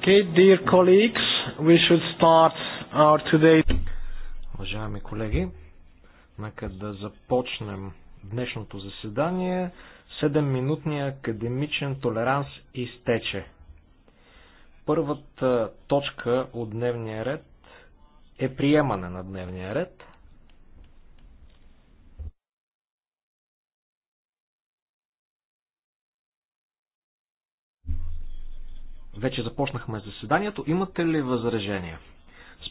Okay, dear colleagues, we should start our today. Уважаеми колеги, нека да започнем днешното заседание. 7-минутния академичен толеранс изтече. Първата точка от дневния ред е приемане на дневния ред. Вече започнахме заседанието. Имате ли възражения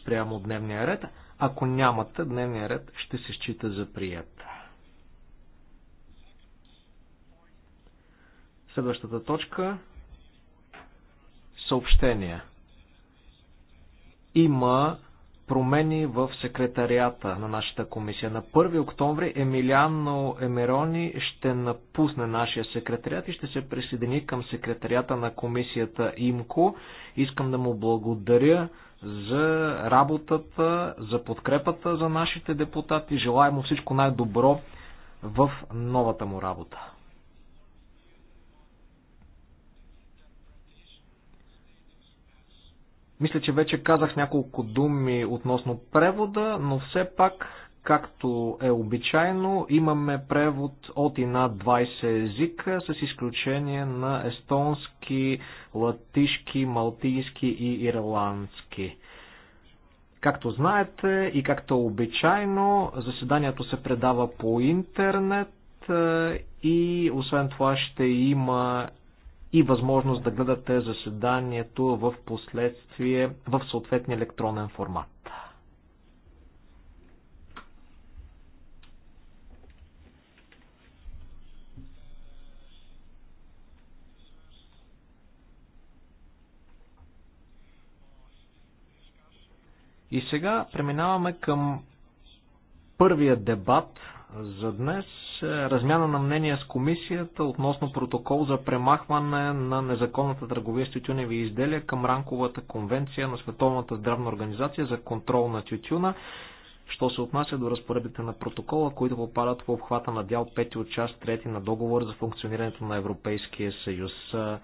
спрямо дневния ред? Ако нямате, дневния ред ще се счита за прият. Следващата точка съобщения. Има промени в секретарията на нашата комисия. На 1 октомври Емилиано Емерони ще напусне нашия секретарият и ще се присъедини към секретарията на комисията ИМКО. Искам да му благодаря за работата, за подкрепата за нашите депутати. Желая му всичко най-добро в новата му работа. Мисля, че вече казах няколко думи относно превода, но все пак, както е обичайно, имаме превод от и над 20 езика, с изключение на естонски, латишки, малтийски и ирландски. Както знаете и както обичайно, заседанието се предава по интернет е, и освен това ще има и възможност да гледате заседанието в последствие в съответния електронен формат. И сега преминаваме към първия дебат – за днес е, размяна на мнения с комисията относно протокол за премахване на незаконната търговия с тютюневи изделия към ранковата конвенция на Световната здравна организация за контрол на тютюна, що се отнася до разпоредите на протокола, които попадат в обхвата на дял 5 от част 3 на договор за функционирането на Европейския съюз. Е,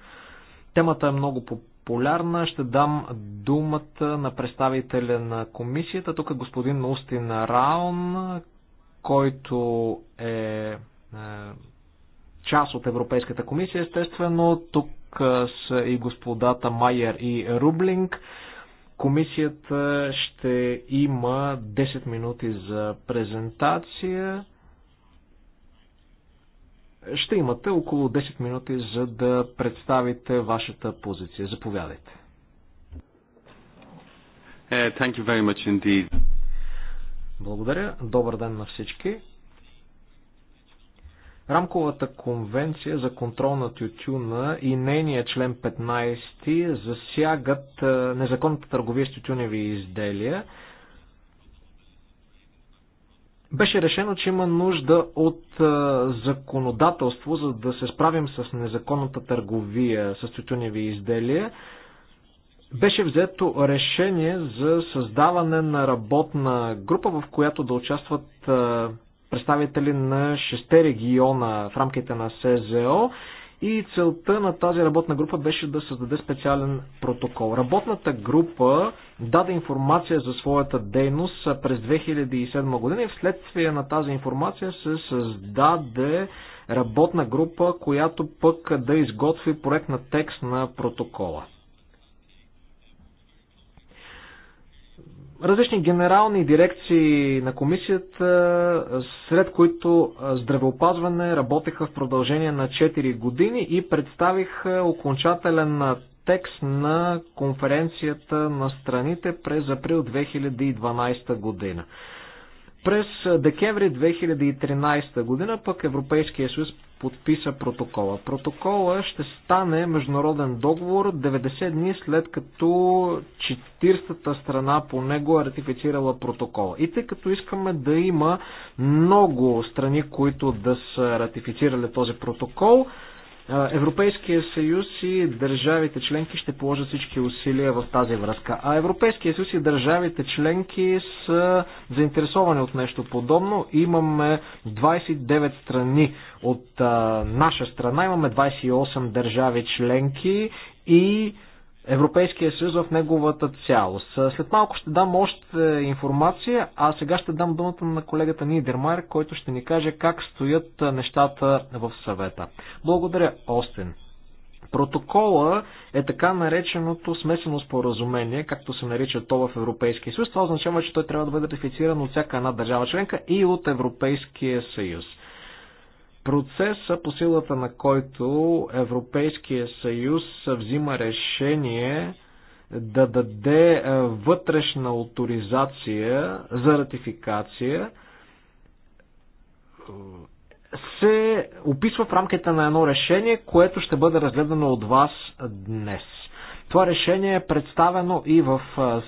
темата е много популярна. Ще дам думата на представителя на комисията. Тук е господин Устин Раун, който е, е част от Европейската комисия, естествено. Тук е, са и господата Майер и Рублинг. Комисията ще има 10 минути за презентация. Ще имате около 10 минути, за да представите вашата позиция. Заповядайте. Е, thank you very much indeed. Благодаря. Добър ден на всички. Рамковата конвенция за контрол на тютюна и нейния член 15 засягат е, незаконната търговия с тютюневи изделия. Беше решено, че има нужда от е, законодателство, за да се справим с незаконната търговия с тютюневи изделия беше взето решение за създаване на работна група, в която да участват представители на шесте региона в рамките на СЗО и целта на тази работна група беше да създаде специален протокол. Работната група даде информация за своята дейност през 2007 година и вследствие на тази информация се създаде работна група, която пък да изготви проект на текст на протокола. различни генерални дирекции на комисията, сред които здравеопазване работеха в продължение на 4 години и представиха окончателен текст на конференцията на страните през април 2012 година. През декември 2013 година пък Европейския съюз подписа протокола. Протокола ще стане международен договор 90 дни след като 40-та страна по него е ратифицирала протокола. И тъй като искаме да има много страни, които да са ратифицирали този протокол, Европейския съюз и държавите членки ще положат всички усилия в тази връзка. А Европейския съюз и държавите членки са заинтересовани от нещо подобно. Имаме 29 страни от а, наша страна, имаме 28 държави членки и Европейския съюз в неговата цялост. След малко ще дам още информация, а сега ще дам думата на колегата Нидермайер, който ще ни каже как стоят нещата в съвета. Благодаря, Остин. Протокола е така нареченото смесено споразумение, както се нарича то в Европейския съюз. Това означава, че той трябва да бъде ратифициран от всяка една държава членка и от Европейския съюз. Процеса, по силата на който Европейския съюз взима решение да даде е, вътрешна авторизация за ратификация, се описва в рамките на едно решение, което ще бъде разгледано от вас днес. Това решение е представено и в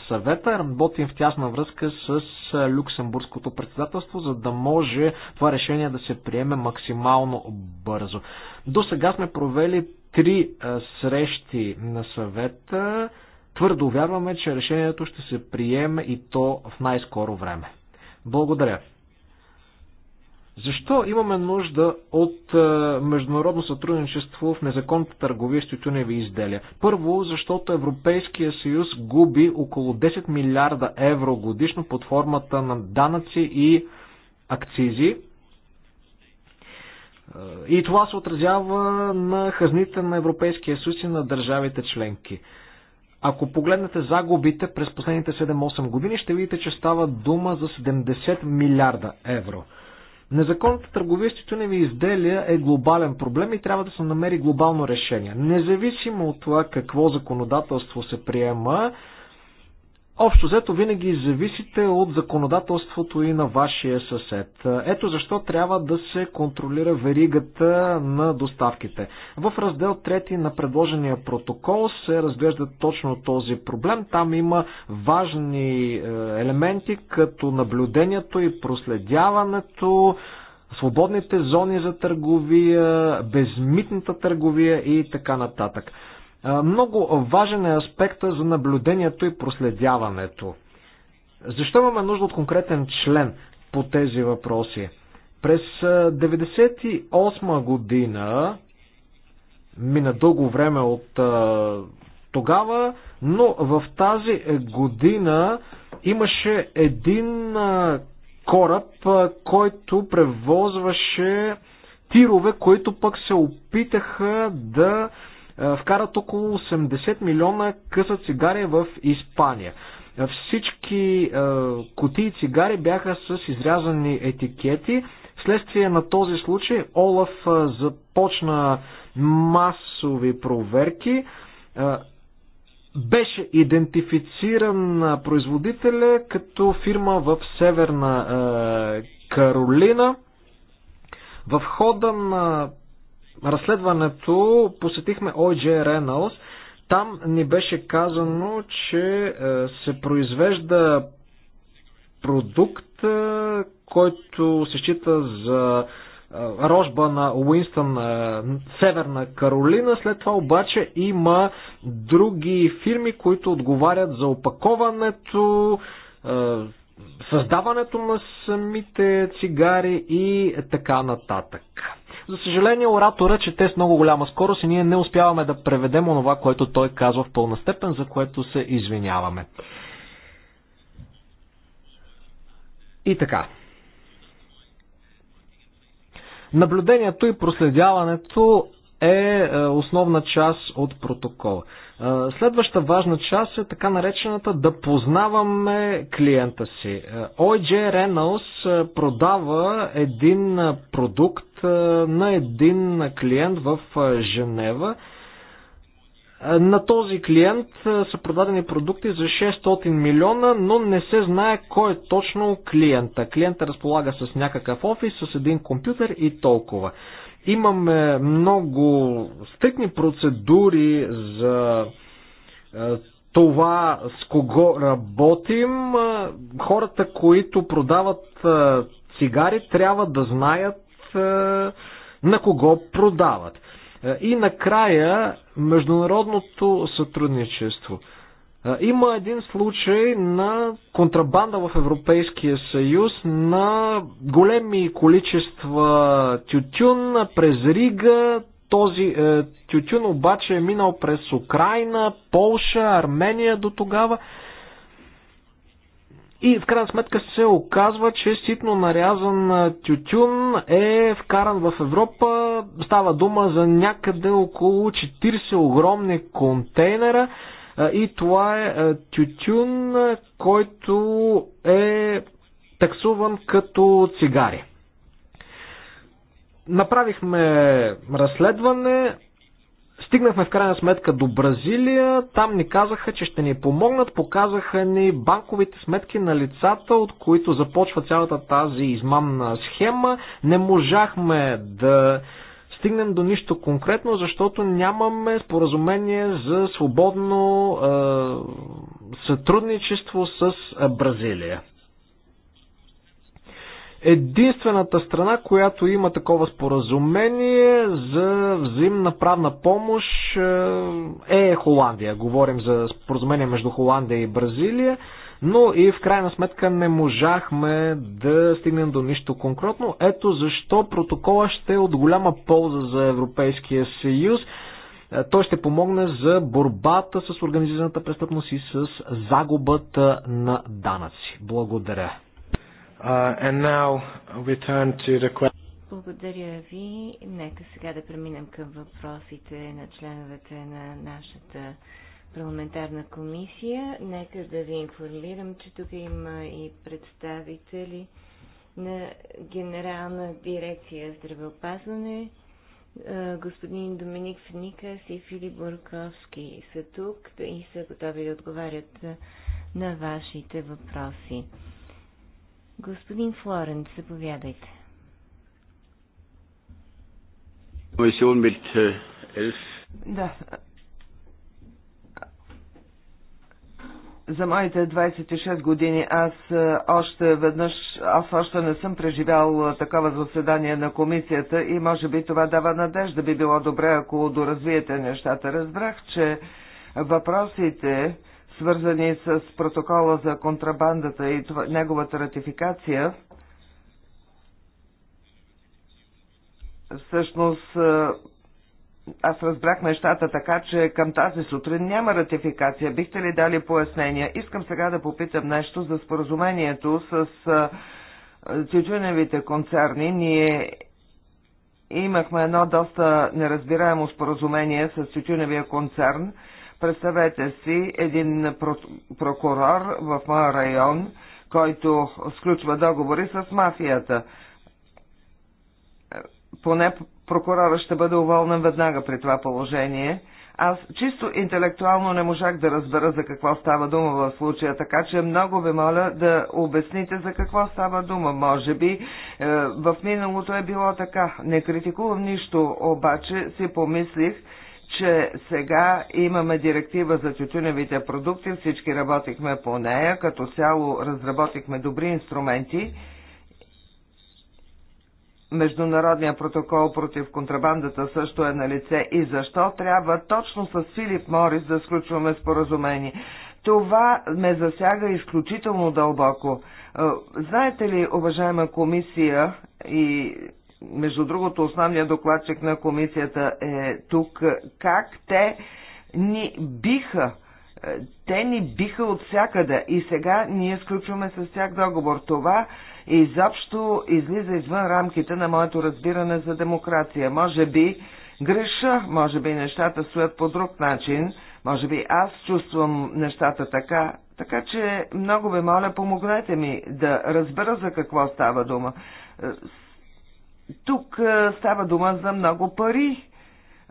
съвета. Работим в тясна връзка с Люксембургското председателство, за да може това решение да се приеме максимално бързо. До сега сме провели три срещи на съвета. Твърдо вярваме, че решението ще се приеме и то в най-скоро време. Благодаря. Защо имаме нужда от е, международно сътрудничество в незаконната търговия с тютюневи изделия? Първо, защото Европейския съюз губи около 10 милиарда евро годишно под формата на данъци и акцизи. Е, и това се отразява на хазните на Европейския съюз и на държавите членки. Ако погледнете загубите през последните 7-8 години, ще видите, че става дума за 70 милиарда евро. Незаконната търговия с тютюневи изделия е глобален проблем и трябва да се намери глобално решение. Независимо от това какво законодателство се приема, Общо взето винаги зависите от законодателството и на вашия съсед. Ето защо трябва да се контролира веригата на доставките. В раздел 3 на предложения протокол се разглежда точно този проблем. Там има важни е, елементи като наблюдението и проследяването, свободните зони за търговия, безмитната търговия и така нататък. Много важен е аспекта за наблюдението и проследяването. Защо имаме нужда от конкретен член по тези въпроси? През 1998 година мина дълго време от тогава, но в тази година имаше един кораб, който превозваше тирове, които пък се опитаха да е, вкарат около 80 милиона къса цигари в Испания. Е, всички е, кутии цигари бяха с изрязани етикети. Вследствие на този случай Олаф е, започна масови проверки. Е, беше идентифициран производителя като фирма в Северна е, Каролина. В хода на разследването посетихме OJ Reynolds. Там ни беше казано, че е, се произвежда продукт, е, който се счита за е, рожба на Уинстън, Северна Каролина. След това обаче има други фирми, които отговарят за опаковането, създаването на самите цигари и така нататък. За съжаление, оратора чете с много голяма скорост и ние не успяваме да преведем онова, което той казва в пълна степен, за което се извиняваме. И така. Наблюдението и проследяването е, е основна част от протокола. Е, следваща важна част е така наречената да познаваме клиента си. Е, OJ Reynolds продава един продукт на един клиент в Женева. На този клиент са продадени продукти за 600 милиона, но не се знае кой е точно клиента. Клиента разполага с някакъв офис, с един компютър и толкова. Имаме много стъкни процедури за е, това с кого работим. Е, хората, които продават е, цигари, трябва да знаят на кого продават. И накрая международното сътрудничество – има един случай на контрабанда в Европейския съюз на големи количества тютюн през Рига. Този е, тютюн обаче е минал през Украина, Полша, Армения до тогава. И в крайна сметка се оказва, че ситно нарязан тютюн е вкаран в Европа. Става дума за някъде около 40 огромни контейнера. И това е тютюн, който е таксуван като цигари. Направихме разследване, Стигнахме в крайна сметка до Бразилия, там ни казаха, че ще ни помогнат, показаха ни банковите сметки на лицата, от които започва цялата тази измамна схема. Не можахме да стигнем до нищо конкретно, защото нямаме споразумение за свободно е, сътрудничество с Бразилия. Единствената страна, която има такова споразумение за взаимна правна помощ е Холандия. Говорим за споразумение между Холандия и Бразилия но и в крайна сметка не можахме да стигнем до нищо конкретно. Ето защо протокола ще е от голяма полза за Европейския съюз. Е, той ще помогне за борбата с организираната престъпност и с загубата на данъци. Благодаря. Uh, благодаря ви. Нека сега да преминем към въпросите на членовете на нашата парламентарна комисия. Нека да ви информирам, че тук има и представители на Генерална дирекция здравеопазване. Господин Доминик Феникас и Филип Бурковски са тук и са готови да отговарят на вашите въпроси. Господин Флоренц, заповядайте. Е, да, за моите 26 години аз е, още веднъж, аз още не съм преживял е, такова заседание на комисията и може би това дава надежда. Би било добре, ако доразвиете нещата. Разбрах, че въпросите, свързани с протокола за контрабандата и това, неговата ратификация, всъщност е, аз разбрах нещата така, че към тази сутрин няма ратификация. Бихте ли дали пояснения? Искам сега да попитам нещо за споразумението с тютюневите концерни. Ние имахме едно доста неразбираемо споразумение с тютюневия концерн. Представете си един прокурор в моя район, който сключва договори с мафията поне прокурора ще бъде уволнен веднага при това положение. Аз чисто интелектуално не можах да разбера за какво става дума в случая, така че много ви моля да обясните за какво става дума. Може би е, в миналото е било така. Не критикувам нищо, обаче си помислих, че сега имаме директива за тютюневите продукти, всички работихме по нея, като цяло разработихме добри инструменти Международния протокол против контрабандата също е на лице и защо трябва точно с Филип Морис да сключваме споразумение. Това ме засяга изключително дълбоко. Е, знаете ли, уважаема комисия и между другото основният докладчик на комисията е тук, как те ни биха те ни биха от всякъде и сега ние сключваме с тях договор. Това изобщо излиза извън рамките на моето разбиране за демокрация. Може би греша, може би нещата стоят по друг начин, може би аз чувствам нещата така, така че много ви моля, помогнете ми да разбера за какво става дума. Е, тук е, става дума за много пари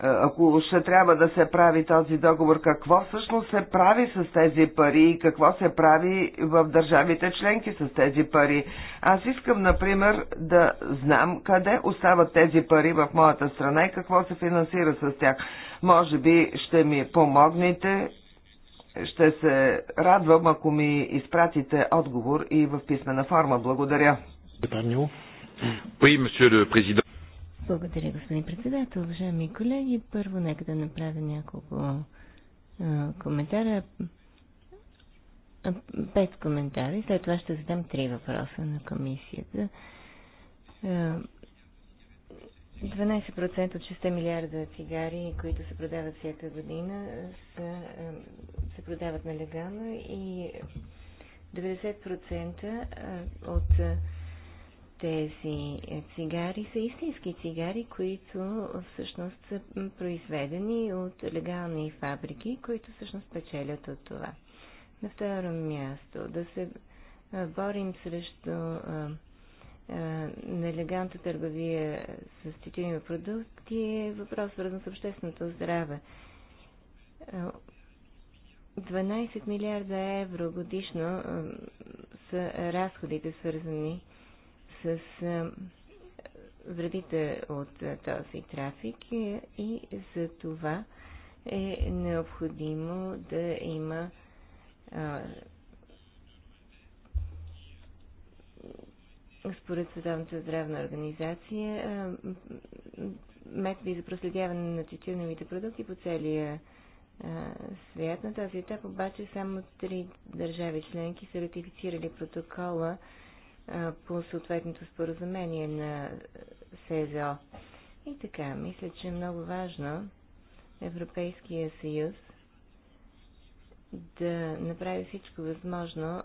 ако ще трябва да се прави този договор, какво всъщност се прави с тези пари и какво се прави в държавите членки с тези пари. Аз искам, например, да знам къде остават тези пари в моята страна и какво се финансира с тях. Може би ще ми помогнете, ще се радвам, ако ми изпратите отговор и в писмена форма. Благодаря. Oui, monsieur le благодаря, господин председател. Уважаеми колеги, първо нека да направя няколко а, коментара. пет коментари. След това ще задам три въпроса на комисията. 12% от 6 милиарда цигари, които се продават всяка година, са, се продават нелегално и 90% от тези цигари са истински цигари, които всъщност са произведени от легални фабрики, които всъщност печелят от това. На второ място, да се борим срещу нелегалната търговия с тютюневи продукти е въпрос свързан с общественото здраве. 12 милиарда евро годишно са разходите свързани с е, вредите от е, този трафик и за това е необходимо да има е, според Световната здравна организация методи за проследяване на четирновите продукти по целия свят. На този етап обаче само три държави членки са ратифицирали протокола по съответното споразумение на СЗО. И така, мисля, че е много важно Европейския съюз да направи всичко възможно,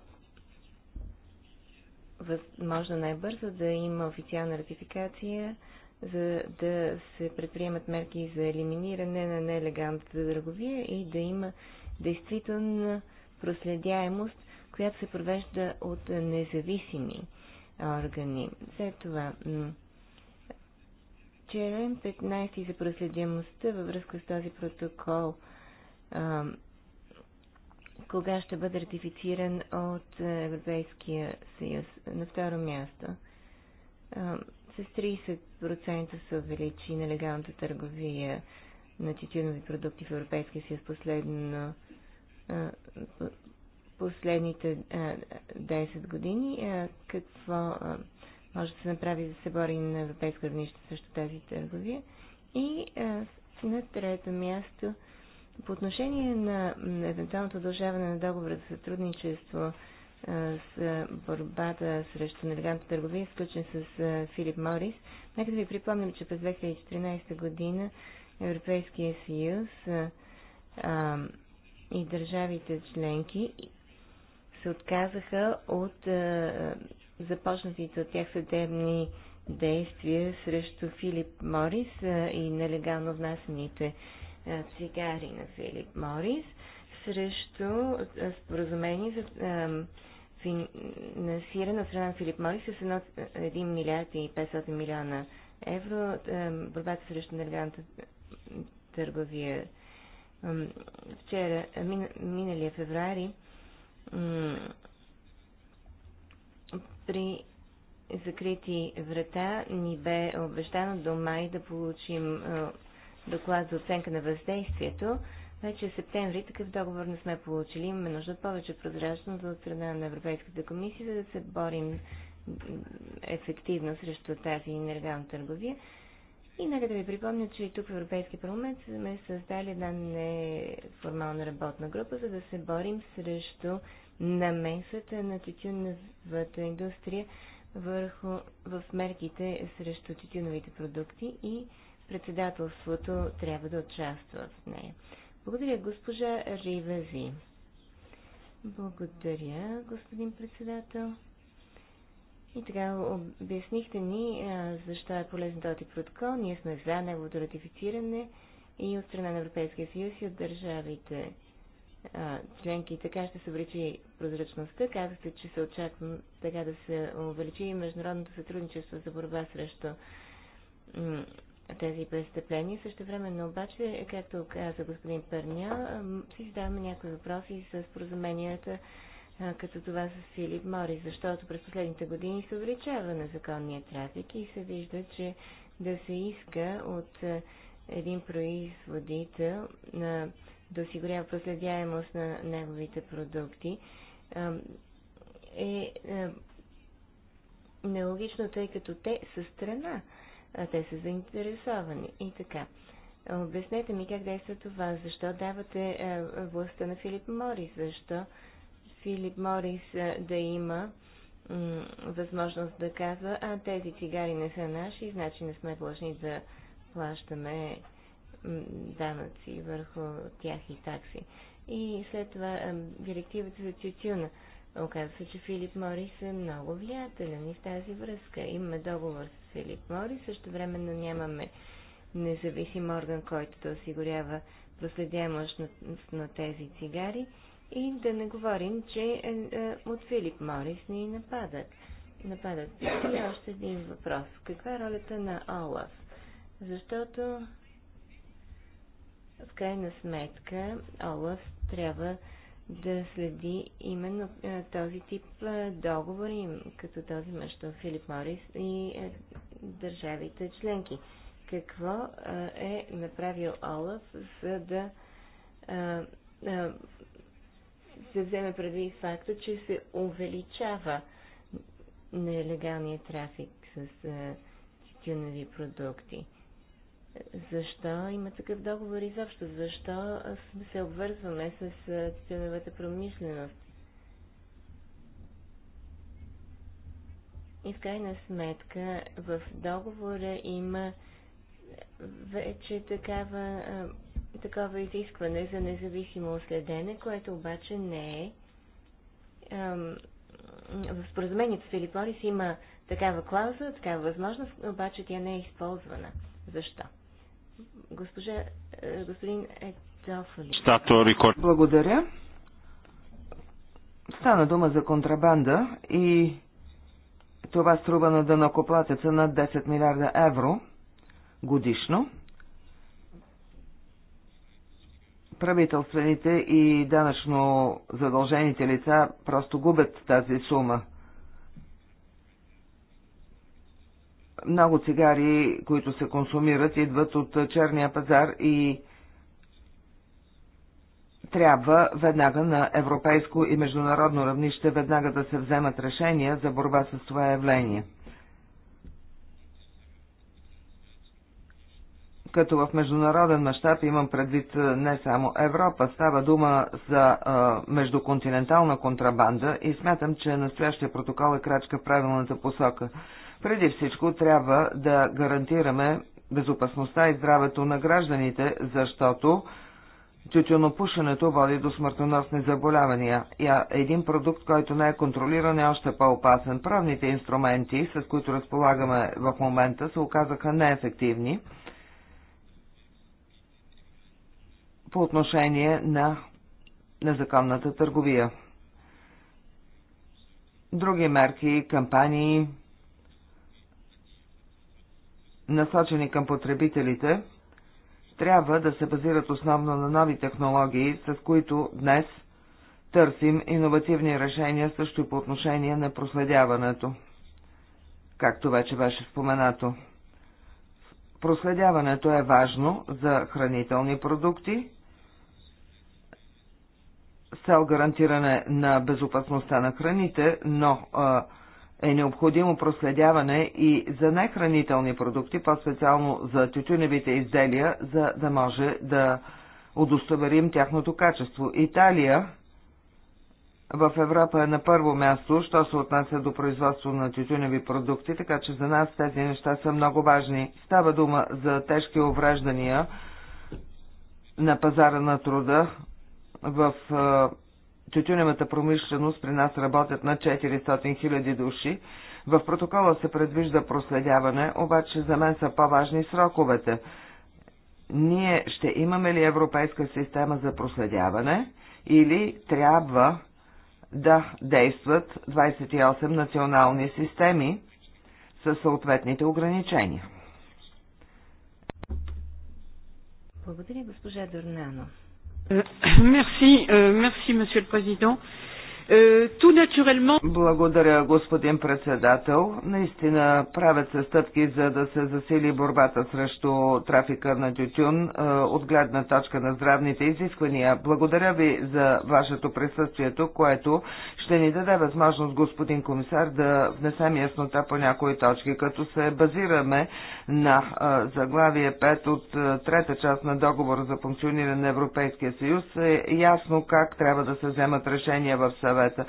възможно най-бързо да има официална ратификация, за да се предприемат мерки за елиминиране на нелегалната търговия и да има действителна проследяемост която се провежда от независими органи. След това, член 15 за проследимостта във връзка с този протокол, кога ще бъде ратифициран от Европейския съюз. На второ място, с 30% се увеличи нелегалната търговия на тютюнови продукти в Европейския съюз последно последните а, 10 години. А, какво а, може да се направи да се бори на европейско равнище срещу тази търговия? И а, на трето място, по отношение на евентуалното удължаване на договора за сътрудничество с борбата срещу нелегантна търговия, изключен с Филип Морис. Нека да ви припомним, че през 2014 година Европейския съюз и държавите членки се отказаха от а, започнатите от тях съдебни действия срещу Филип Морис а, и нелегално внасените а, цигари на Филип Морис, срещу а, споразумение за а, финансиране от страна на Филип Морис с 1, милиард и 500 милиона евро, а, борбата срещу нелегалната търговия. Вчера, миналия феврари, при закрити врата ни бе обещано до май да получим доклад за оценка на въздействието. Вече в септември такъв договор не сме получили. Имаме нужда от повече прозрачност от страна на Европейската комисия, за да се борим ефективно срещу тази нелегална търговия. И нека да ви припомня, че и тук в Европейския парламент сме създали една неформална работна група, за да се борим срещу намесата на тютюновата индустрия върху, в мерките срещу тютюновите продукти и председателството трябва да участва в нея. Благодаря, госпожа Ривази. Благодаря, господин председател. И тогава обяснихте ни защо е полезен този протокол. Ние сме за неговото ратифициране и от страна на Европейския съюз и от държавите членки. Така ще се увеличи прозрачността. Казахте, че се очаква така да се увеличи и международното сътрудничество за борба срещу тези престъпления. Също времено обаче, както каза господин Пърня, си задаваме някои въпроси с споразуменията като това с Филип Морис, защото през последните години се увеличава незаконния трафик и се вижда, че да се иска от един производител на, да осигурява проследяемост на неговите продукти е нелогично, тъй като те са страна, а те са заинтересовани и така. Обяснете ми как действа това, защо давате властта на Филип Мори, защо Филип Морис да има възможност да казва, а тези цигари не са наши, значи не сме длъжни да плащаме данъци върху тях и такси. И след това директивата за тютюна. Оказва се, че Филип Морис е много влиятелен и в тази връзка. Имаме договор с Филип Морис, също времено нямаме независим орган, който да осигурява проследяемост на, на тези цигари и да не говорим, че е, е, от Филип Морис ни нападат. нападат. И още един въпрос. Каква е ролята на Олаф? Защото в крайна сметка Олаф трябва да следи именно е, този тип договори, като този между Филип Морис и държавите членки. Какво е направил Олаф, за да се вземе преди факта, че се увеличава нелегалния трафик с е, тютюнови продукти. Защо има такъв договор изобщо? Защо се обвързваме с е, тютюновата промишленост? И в крайна сметка в договора има вече такава е, такова изискване за независимо следене, което обаче не е. В споразумението с Филиполис има такава клауза, такава възможност, обаче тя не е използвана. Защо? Госпожа, е, господин Етофоли. Благодаря. Стана дума за контрабанда и това струва на дънокоплатеца над 10 милиарда евро годишно. правителствените и данъчно задължените лица просто губят тази сума. Много цигари, които се консумират, идват от черния пазар и трябва веднага на европейско и международно равнище веднага да се вземат решения за борба с това явление. като в международен мащаб имам предвид не само Европа, става дума за а, междуконтинентална контрабанда и смятам, че настоящия протокол е крачка в правилната посока. Преди всичко трябва да гарантираме безопасността и здравето на гражданите, защото тютюнопушенето води до смъртоносни заболявания. И един продукт, който не е контролиран, е още по-опасен. Правните инструменти, с които разполагаме в момента, се оказаха неефективни. по отношение на незаконната търговия. Други мерки, кампании, насочени към потребителите, трябва да се базират основно на нови технологии, с които днес търсим иновативни решения също и по отношение на проследяването, както вече беше споменато. Проследяването е важно за хранителни продукти, с цел гарантиране на безопасността на храните, но е необходимо проследяване и за нехранителни продукти, по-специално за тютюневите изделия, за да може да удостоверим тяхното качество. Италия в Европа е на първо място, що се отнася до производство на тютюневи продукти, така че за нас тези неща са много важни. Става дума за тежки увреждания на пазара на труда, в тютюневата промишленост при нас работят на 400 000 души. В протокола се предвижда проследяване, обаче за мен са по-важни сроковете. Ние ще имаме ли европейска система за проследяване или трябва да действат 28 национални системи със съответните ограничения? Благодаря, госпожа Дорнано. Мерси, мерси, месье президент. Е, Благодаря, господин председател. Наистина правят се стъпки за да се засили борбата срещу трафика на тютюн е, от гледна точка на здравните изисквания. Благодаря ви за вашето присъствието, което ще ни даде възможност, господин комисар, да внесем яснота по някои точки, като се базираме на е, заглавие 5 от трета част на договора за функциониране на Европейския съюз. Е ясно как трябва да се вземат решения в съвета съвета е,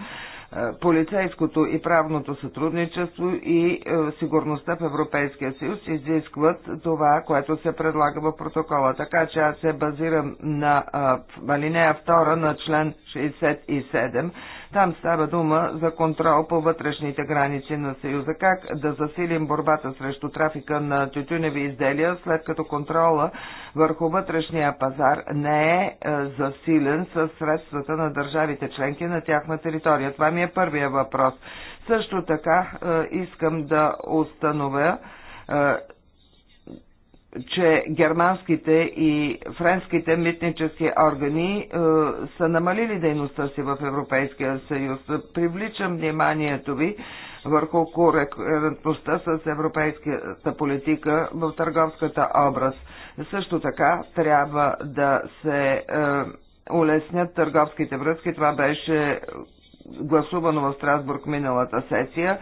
полицейското и правното сътрудничество и е, сигурността в Европейския съюз изискват това, което се предлага в протокола. Така че аз се базирам на е, алинея 2 на член 67. Там става дума за контрол по вътрешните граници на Съюза. Как да засилим борбата срещу трафика на тютюневи изделия, след като контрола върху вътрешния пазар не е, е засилен с средствата на държавите членки на тяхна територия? Това ми е първия въпрос. Също така е, искам да установя е, че германските и френските митнически органи е, са намалили дейността си в Европейския съюз. Привличам вниманието ви върху коректността с европейската политика в търговската образ. Също така трябва да се е, улеснят търговските връзки. Това беше гласувано в Страсбург миналата сесия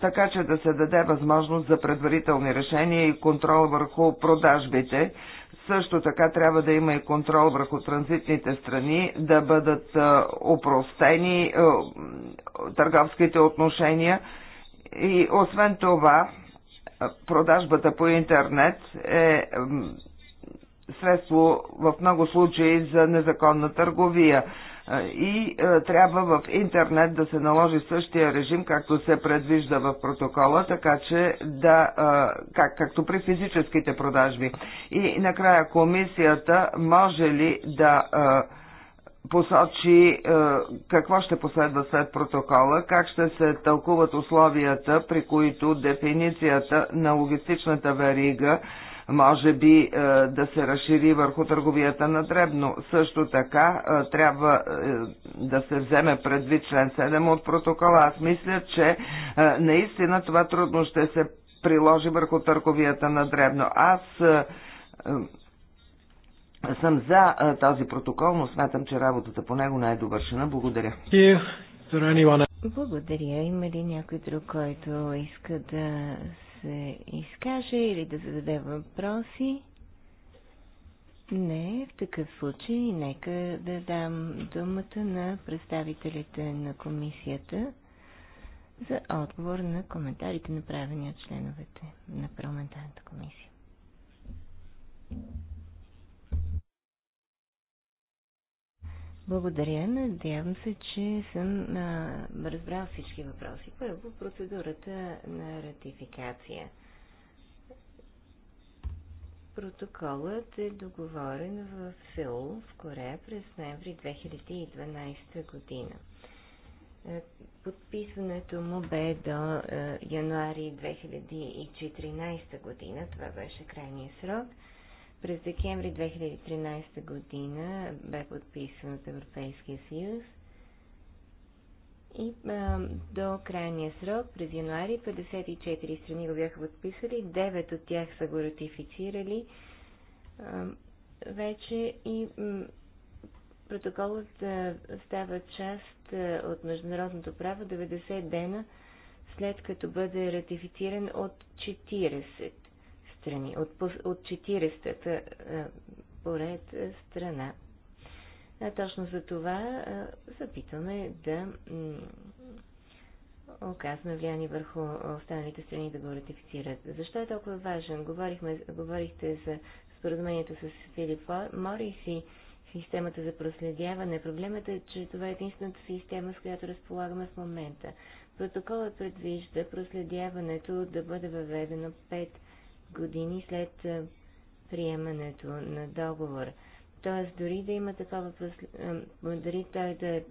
така че да се даде възможност за предварителни решения и контрол върху продажбите. Също така трябва да има и контрол върху транзитните страни, да бъдат упростени търговските отношения. И освен това, продажбата по интернет е средство в много случаи за незаконна търговия и трябва в интернет да се наложи същия режим, както се предвижда в протокола, така че да, как, както при физическите продажби. И накрая комисията може ли да посочи какво ще последва след протокола, как ще се тълкуват условията, при които дефиницията на логистичната верига може би е, да се разшири върху търговията на дребно. Също така е, трябва е, да се вземе предвид член 7 от протокола. Аз мисля, че наистина това трудно ще се приложи върху търговията на дребно. Аз съм за този протокол, но смятам, че работата по него не е довършена. Благодаря. Благодаря. Има ли някой друг, който иска да се изкаже или да зададе въпроси? Не, в такъв случай нека да дам думата на представителите на комисията за отговор на коментарите, направени от членовете на парламентарната комисия. Благодаря. Надявам се, че съм а, разбрал всички въпроси. Първо, процедурата на ратификация. Протоколът е договорен в Сеул, в Корея, през ноември 2012 година. Е, подписването му бе до е, януари 2014 година. Това беше крайния срок. През декември 2013 година бе подписан от Европейския съюз и а, до крайния срок, през януари, 54 страни го бяха подписали, 9 от тях са го ратифицирали а, вече и протоколът а, става част а, от международното право 90 дена след като бъде ратифициран от 40 страни, от, от 40-та е, поред е, страна. А точно за това се опитваме да оказваме влияние върху останалите страни да го ратифицират. Защо е толкова важен? Говорихме, говорихте за споразумението с Филип Морис и системата за проследяване. Проблемът е, че това е единствената система, с която разполагаме в момента. Протоколът предвижда проследяването да бъде въведено 5 години след е, приемането на договора. Тоест, дори да има такова, е, дори той да е,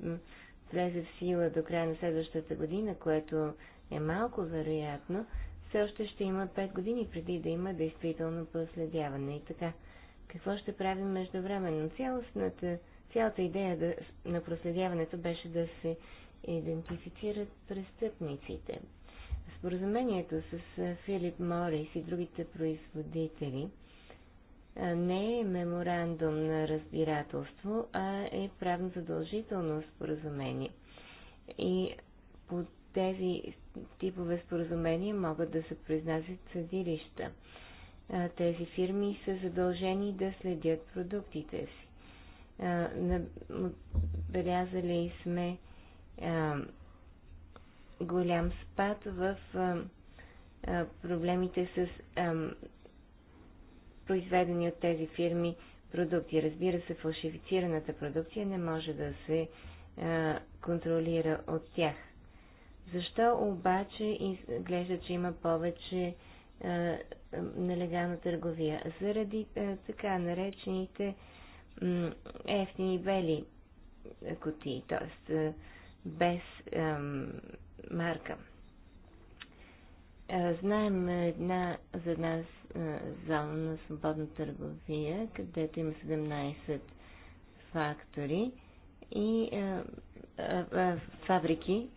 влезе в сила до края на следващата година, което е малко вероятно, все още ще има 5 години преди да има действително проследяване. И така, какво ще правим междувременно? Цялостната, цялата идея да, на проследяването беше да се идентифицират престъпниците. Споразумението с Филип Морис и другите производители не е меморандум на разбирателство, а е правно задължително споразумение. И по тези типове споразумения могат да се произнасят съдилища. Тези фирми са задължени да следят продуктите си. Белязали сме голям спад в проблемите с произведени от тези фирми продукти. Разбира се, фалшифицираната продукция не може да се контролира от тях. Защо обаче изглежда, че има повече нелегална търговия? Заради така наречените ефтини бели кутии, т.е. без ем, марка. Знаем една, за една зона на свободна търговия, където има 17 фактори и а, а, а, фабрики.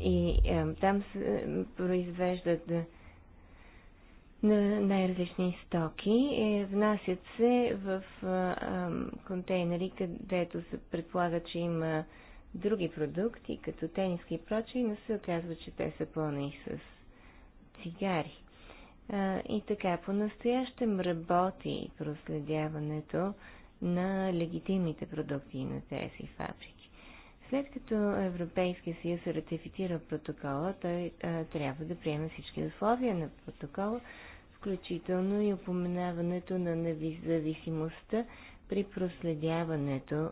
И а, там се произвеждат а, на най-различни стоки. Е, внасят се в а, контейнери, където се предполага, че има други продукти, като тениски и прочие, но се оказва, че те са пълни с цигари. А, и така, по-настоящем работи проследяването на легитимните продукти на тези фабрики. След като Европейския съюз е ратифицира протокола, той а, трябва да приеме всички условия на протокола, включително и упоменаването на независимостта при проследяването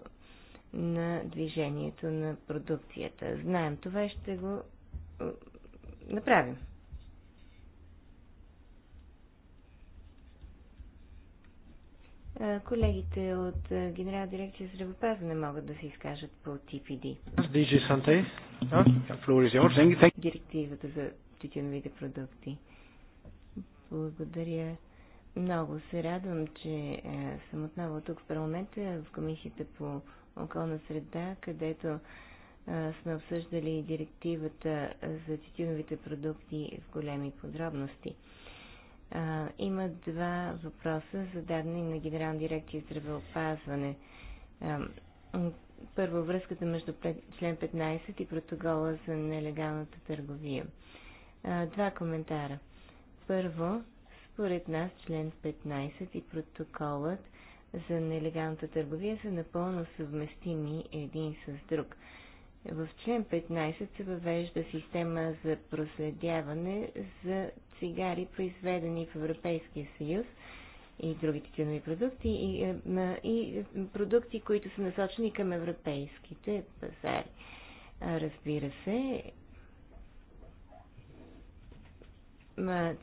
на движението на продукцията. Знаем това и ще го е, направим. Колегите от е, Генерал дирекция здравеопазване могат да се изкажат по TPD. Директивата за тютюновите продукти. Благодаря. Много се радвам, че е, съм отново тук в парламента, в Комисията по околна среда, където е, сме обсъждали директивата за титиновите продукти в големи подробности. Е, има два въпроса, зададени на Генерална дирекция здравеопазване. Първо, връзката между член 15 и протокола за нелегалната търговия. Два коментара – първо, според нас член 15 и протоколът за нелегалната търговия са напълно съвместими един с друг. В член 15 се въвежда система за проследяване за цигари, произведени в Европейския съюз и другите тютюнови продукти и, е, и продукти, които са насочени към европейските пазари. Разбира се,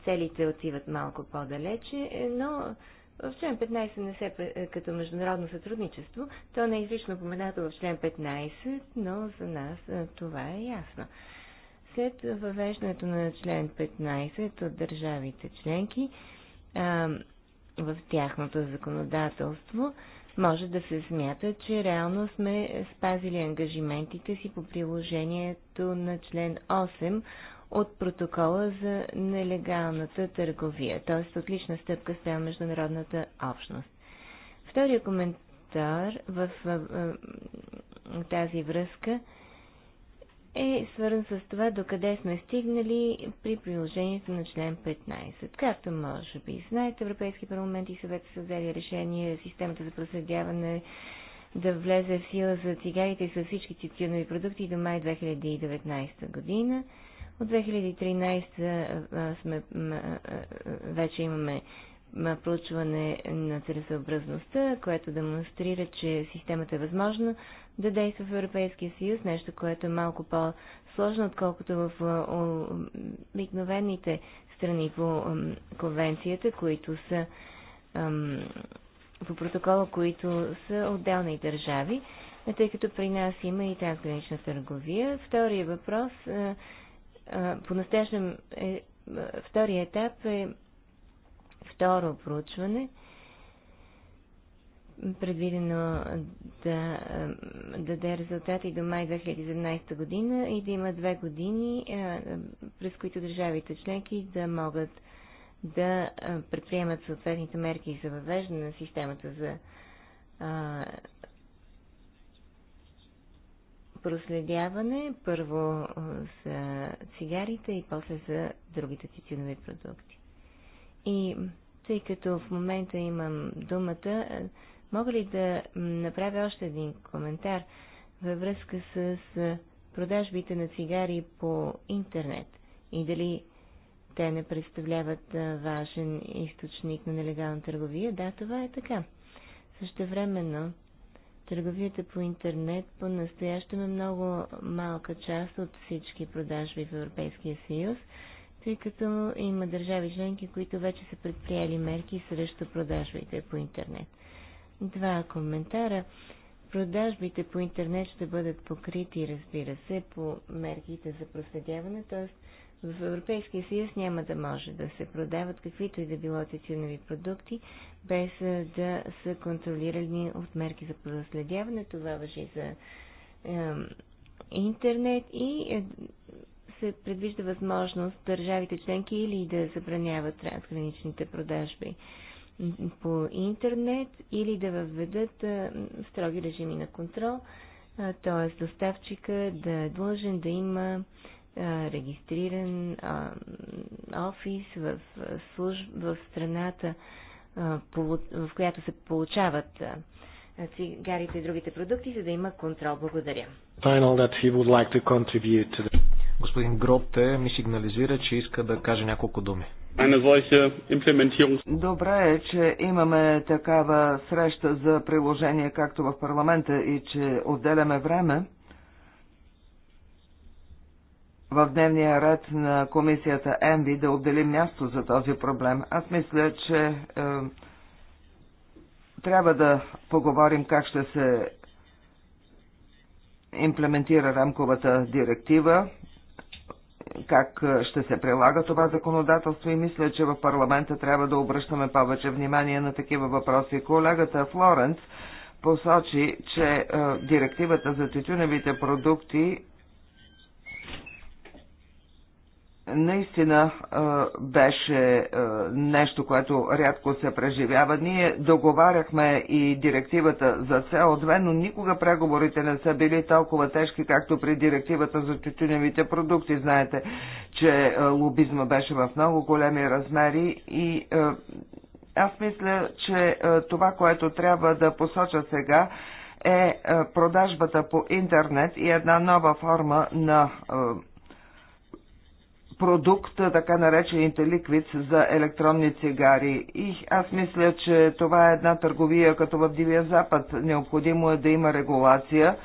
целите отиват малко по-далече, е, но в член 15 не се е, като международно сътрудничество, то не е излично поменато в член 15, но за нас е, това е ясно. След въвеждането на член 15 от държавите членки в тяхното законодателство, може да се смята, че реално сме спазили ангажиментите си по приложението на член 8 от протокола за нелегалната търговия, т.е. отлична стъпка спрямо международната общност. Втория коментар в тази връзка е свързан с това докъде сме стигнали при приложението на член 15. Както може би знаете, Европейски парламент и съвет са взели решение системата за проследяване да влезе в сила за цигарите и за всички тютюнови продукти до май 2019 година. От 2013 сме, вече имаме проучване на целесообразността, което демонстрира, че системата е възможна да действа в Европейския съюз, нещо, което е малко по-сложно, отколкото в обикновените страни по конвенцията, които са по протокола, които са отделни държави, тъй като при нас има и трансгранична търговия. Втория въпрос по-настоящем е, втори етап е второ проучване, предвидено да, да даде резултати до май 2017 година и да има две години, през които държавите членки да могат да предприемат съответните мерки за въвеждане на системата за проследяване, първо за цигарите и после за другите тютюнови продукти. И тъй като в момента имам думата, мога ли да направя още един коментар във връзка с продажбите на цигари по интернет и дали те не представляват важен източник на нелегална търговия? Да, това е така. времено, Търговията по интернет по-настоящем е много малка част от всички продажби в Европейския съюз, тъй като има държави членки, които вече са предприели мерки срещу продажбите по интернет. Два коментара. Продажбите по интернет ще бъдат покрити, разбира се, по мерките за проследяване, т.е в Европейския съюз няма да може да се продават каквито и да било тетюнови продукти, без да са контролирани от мерки за проследяване. Това въжи за е, интернет и е, се предвижда възможност държавите членки или да забраняват трансграничните продажби по интернет или да въведат е, строги режими на контрол, т.е. доставчика да е длъжен да има регистриран офис в, служб, в страната, в която се получават цигарите и другите продукти, за да има контрол. Благодаря. Господин Гробте ми сигнализира, че иска да каже няколко думи. Добре е, че имаме такава среща за приложение както в парламента и че отделяме време в дневния ред на комисията ЕНВИ да отделим място за този проблем. Аз мисля, че е, трябва да поговорим как ще се имплементира рамковата директива, как е, ще се прилага това законодателство и мисля, че в парламента трябва да обръщаме повече внимание на такива въпроси. Колегата Флоренц посочи, че е, директивата за тютюневите продукти наистина беше нещо, което рядко се преживява. Ние договаряхме и директивата за СО2, но никога преговорите не са били толкова тежки, както при директивата за тютюневите продукти. Знаете, че лобизма беше в много големи размери и аз мисля, че това, което трябва да посоча сега, е продажбата по интернет и една нова форма на продукт, така наречените ликвид за електронни цигари. И аз мисля, че това е една търговия като в Дивия Запад. Необходимо е да има регулация.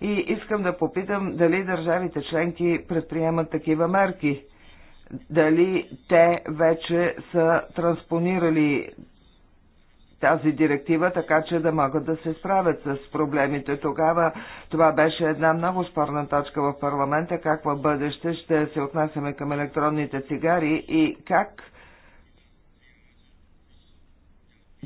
И искам да попитам дали държавите членки предприемат такива мерки. Дали те вече са транспонирали тази директива, така че да могат да се справят с проблемите. Тогава това беше една много спорна точка в парламента, как в бъдеще ще се отнасяме към електронните цигари и как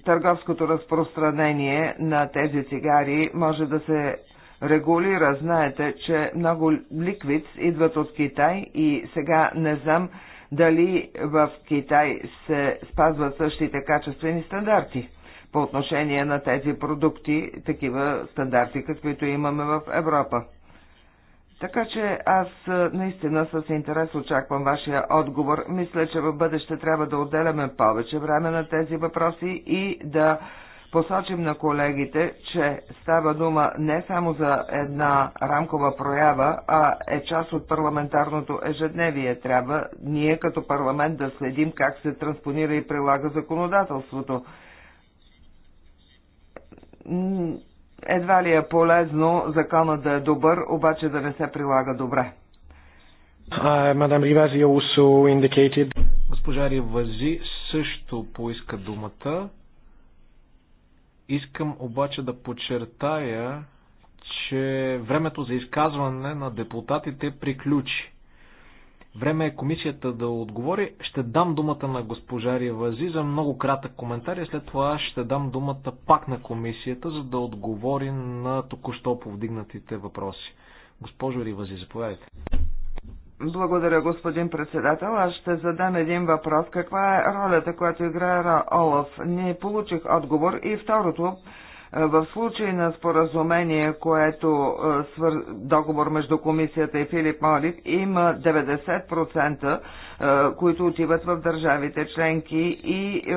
търговското разпространение на тези цигари може да се регулира. Знаете, че много ликвид идват от Китай и сега не знам дали в Китай се спазват същите качествени стандарти по отношение на тези продукти, такива стандарти, каквито имаме в Европа. Така че аз наистина с интерес очаквам вашия отговор. Мисля, че в бъдеще трябва да отделяме повече време на тези въпроси и да посочим на колегите, че става дума не само за една рамкова проява, а е част от парламентарното ежедневие. Трябва ние като парламент да следим как се транспонира и прилага законодателството. Едва ли е полезно закона да е добър, обаче да не се прилага добре. Мадам Ривази also indicated. Госпожа Ривази също поиска думата. Искам обаче да подчертая, че времето за изказване на депутатите приключи. Време е комисията да отговори. Ще дам думата на госпожа Ривази за много кратък коментар и след това ще дам думата пак на комисията, за да отговори на току-що повдигнатите въпроси. Госпожо Ривази, заповядайте. Благодаря, господин председател. Аз ще задам един въпрос. Каква е ролята, която играе Олаф? Не получих отговор. И второто, в случай на споразумение, което договор между комисията и Филип Морив има 90% е, които отиват в държавите членки и е,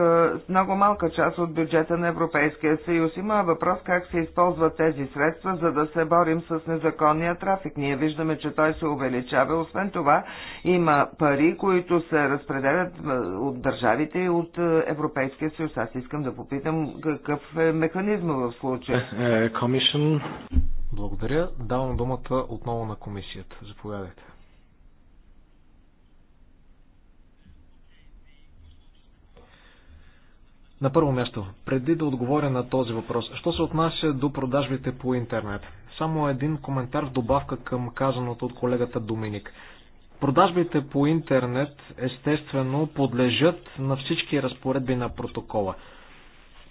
много малка част от бюджета на Европейския съюз. Има въпрос как се използват тези средства, за да се борим с незаконния трафик. Ние виждаме, че той се увеличава. Освен това, има пари, които се разпределят е, от държавите и от Европейския съюз. Аз искам да попитам какъв е механизма в случая. Комисион. Благодаря. Давам думата отново на комисията. Заповядайте. На първо място, преди да отговоря на този въпрос, що се отнася до продажбите по интернет? Само един коментар в добавка към казаното от колегата Доминик. Продажбите по интернет естествено подлежат на всички разпоредби на протокола.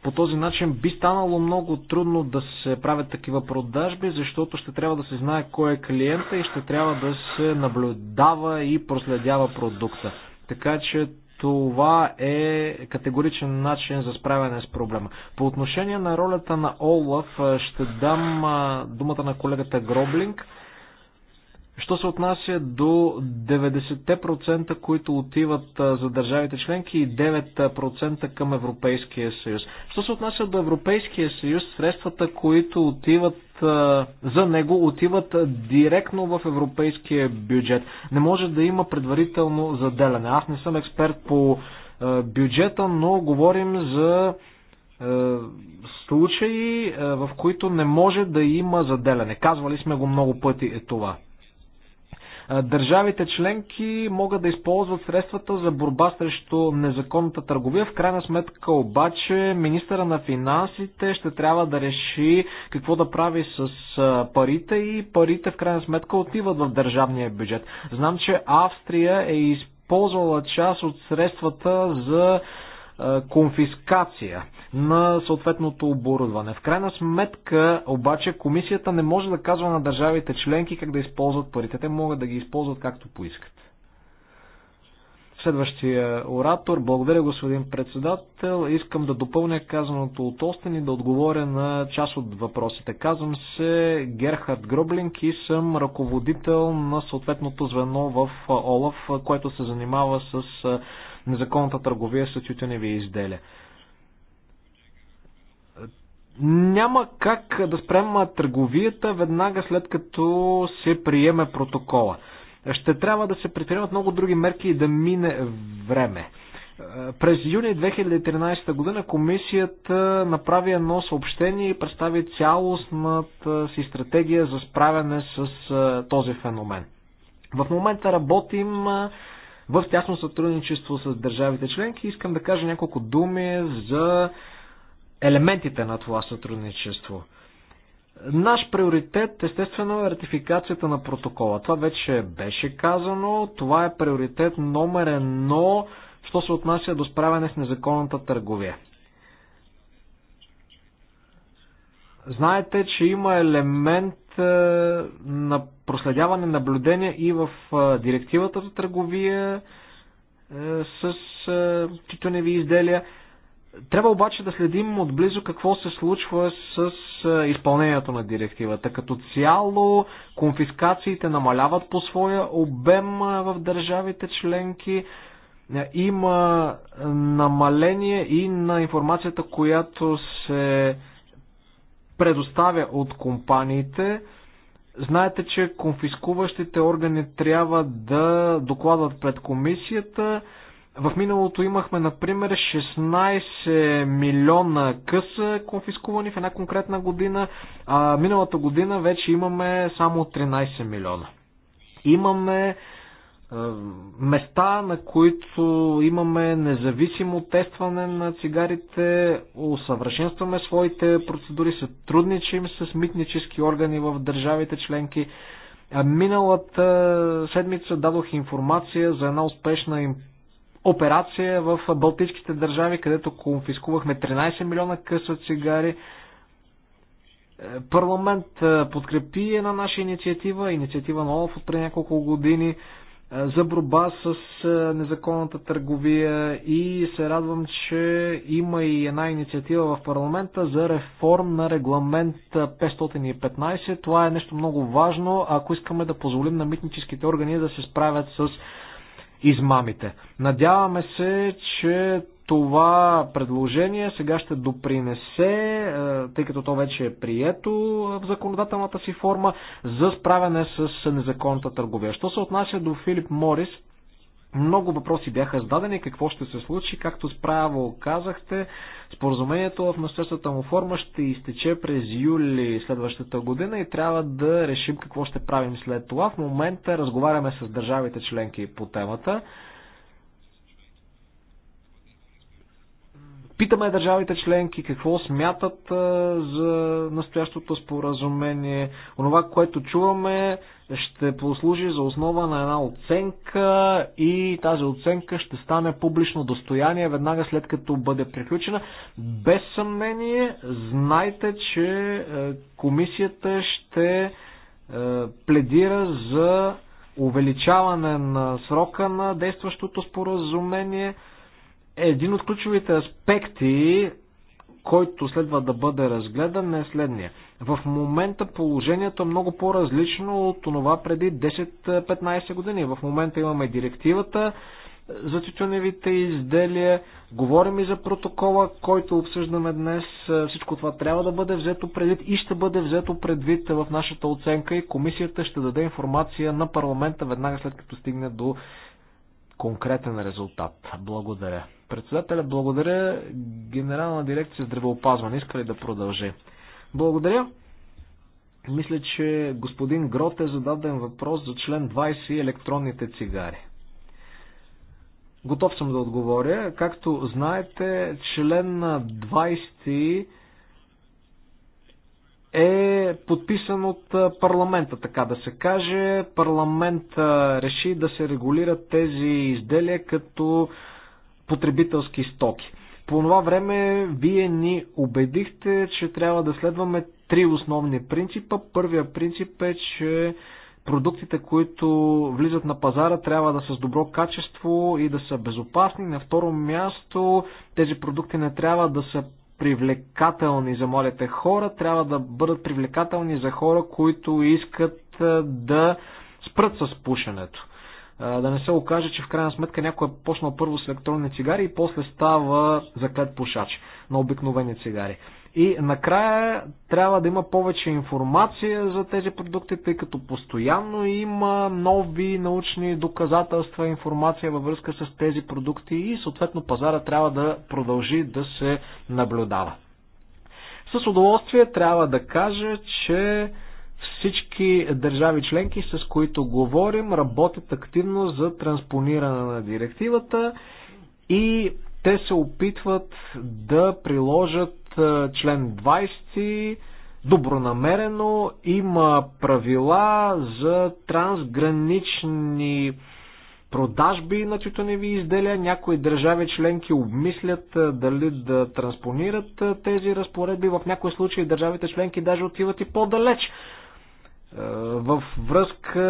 По този начин би станало много трудно да се правят такива продажби, защото ще трябва да се знае кой е клиента и ще трябва да се наблюдава и проследява продукта. Така че това е категоричен начин за справяне с проблема. По отношение на ролята на Олаф е, ще дам е, думата на колегата Гроблинг. Що се отнася до 90%, които отиват за държавите членки и 9% към Европейския съюз. Що се отнася до Европейския съюз, средствата, които отиват за него, отиват директно в европейския бюджет. Не може да има предварително заделяне. Аз не съм експерт по бюджета, но говорим за случаи, в които не може да има заделяне. Казвали сме го много пъти е това. Държавите членки могат да използват средствата за борба срещу незаконната търговия. В крайна сметка обаче министъра на финансите ще трябва да реши какво да прави с парите и парите в крайна сметка отиват в държавния бюджет. Знам, че Австрия е използвала част от средствата за конфискация на съответното оборудване. В крайна сметка, обаче, комисията не може да казва на държавите членки как да използват парите. Те могат да ги използват както поискат. Следващия оратор. Благодаря, господин председател. Искам да допълня казаното от Остен и да отговоря на част от въпросите. Казвам се Герхард Гроблинг и съм ръководител на съответното звено в ОЛАФ, което се занимава с незаконната търговия с тютюневи изделия. Няма как да спрем търговията веднага след като се приеме протокола. Ще трябва да се предприемат много други мерки и да мине време. През юни 2013 година комисията направи едно съобщение и представи цялостната си стратегия за справяне с този феномен. В момента работим в тясно сътрудничество с държавите членки. Искам да кажа няколко думи за елементите на това сътрудничество. Наш приоритет, естествено, е ратификацията на протокола. Това вече беше казано. Това е приоритет номер едно, що се отнася до справяне с незаконната търговия. Знаете, че има елемент е, на проследяване, наблюдение и в е, директивата за търговия е, с тютюневи изделия. Трябва обаче да следим отблизо какво се случва с изпълнението на директивата. Като цяло конфискациите намаляват по своя обем в държавите членки. Има намаление и на информацията, която се предоставя от компаниите. Знаете, че конфискуващите органи трябва да докладват пред комисията. В миналото имахме, например, 16 милиона къса конфискувани в една конкретна година, а миналата година вече имаме само 13 милиона. Имаме е, места, на които имаме независимо тестване на цигарите, усъвършенстваме своите процедури, сътрудничим с митнически органи в държавите членки. Е, миналата седмица дадох информация за една успешна им операция в Балтийските държави, където конфискувахме 13 милиона къса цигари. Е, парламент подкрепи една наша инициатива, инициатива на ОЛАФ от преди няколко години. Е, за борба с е, незаконната търговия и се радвам, че има и една инициатива в парламента за реформ на регламент 515. Това е нещо много важно, ако искаме да позволим на митническите органи да се справят с измамите. Надяваме се, че това предложение сега ще допринесе, е, тъй като то вече е прието в законодателната си форма, за справяне с незаконната търговия. Що се отнася до Филип Морис, много въпроси бяха зададени, какво ще се случи, както справо казахте, споразумението в наследствата му форма ще изтече през юли следващата година и трябва да решим какво ще правим след това. В момента разговаряме с държавите членки по темата. Питаме държавите членки какво смятат за настоящото споразумение. Онова, което чуваме, ще послужи за основа на една оценка и тази оценка ще стане публично достояние веднага след като бъде приключена. Без съмнение, знайте, че комисията ще пледира за увеличаване на срока на действащото споразумение – е един от ключовите аспекти, който следва да бъде разгледан е следния. В момента положението е много по-различно от това преди 10-15 години. В момента имаме директивата за тютюневите изделия, говорим и за протокола, който обсъждаме днес. Всичко това трябва да бъде взето предвид и ще бъде взето предвид в нашата оценка и комисията ще даде информация на парламента веднага след като стигне до конкретен резултат. Благодаря. Председателя, благодаря. Генерална дирекция здравеопазване иска ли да продължи? Благодаря. Мисля, че господин Грот е зададен въпрос за член 20 и електронните цигари. Готов съм да отговоря. Както знаете, член 20 е подписан от парламента, така да се каже. Парламент реши да се регулират тези изделия като потребителски стоки. По това време вие ни убедихте, че трябва да следваме три основни принципа. Първия принцип е, че продуктите, които влизат на пазара, трябва да са с добро качество и да са безопасни. На второ място, тези продукти не трябва да са привлекателни за младите хора, трябва да бъдат привлекателни за хора, които искат да спрат с пушенето да не се окаже, че в крайна сметка някой е почнал първо с електронни цигари и после става заклет пушач на обикновени цигари. И накрая трябва да има повече информация за тези продукти, тъй като постоянно има нови научни доказателства, информация във връзка с тези продукти и съответно пазара трябва да продължи да се наблюдава. С удоволствие трябва да кажа, че всички държави членки, с които говорим, работят активно за транспониране на директивата и те се опитват да приложат член 20 добронамерено. Има правила за трансгранични продажби на тютюневи изделия. Някои държави членки обмислят дали да транспонират тези разпоредби. В някои случаи държавите членки даже отиват и по-далеч е, в връзка,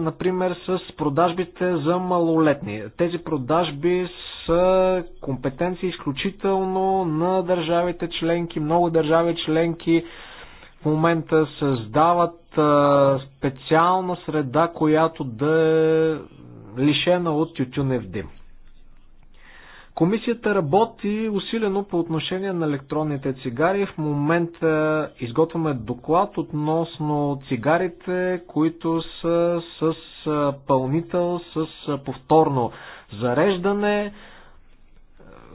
например, с продажбите за малолетни. Тези продажби са компетенции изключително на държавите членки. Много държави членки в момента създават е, специална среда, която да е лишена от тютюнев дим. Комисията работи усилено по отношение на електронните цигари. В момента изготвяме доклад относно цигарите, които са с пълнител, с повторно зареждане.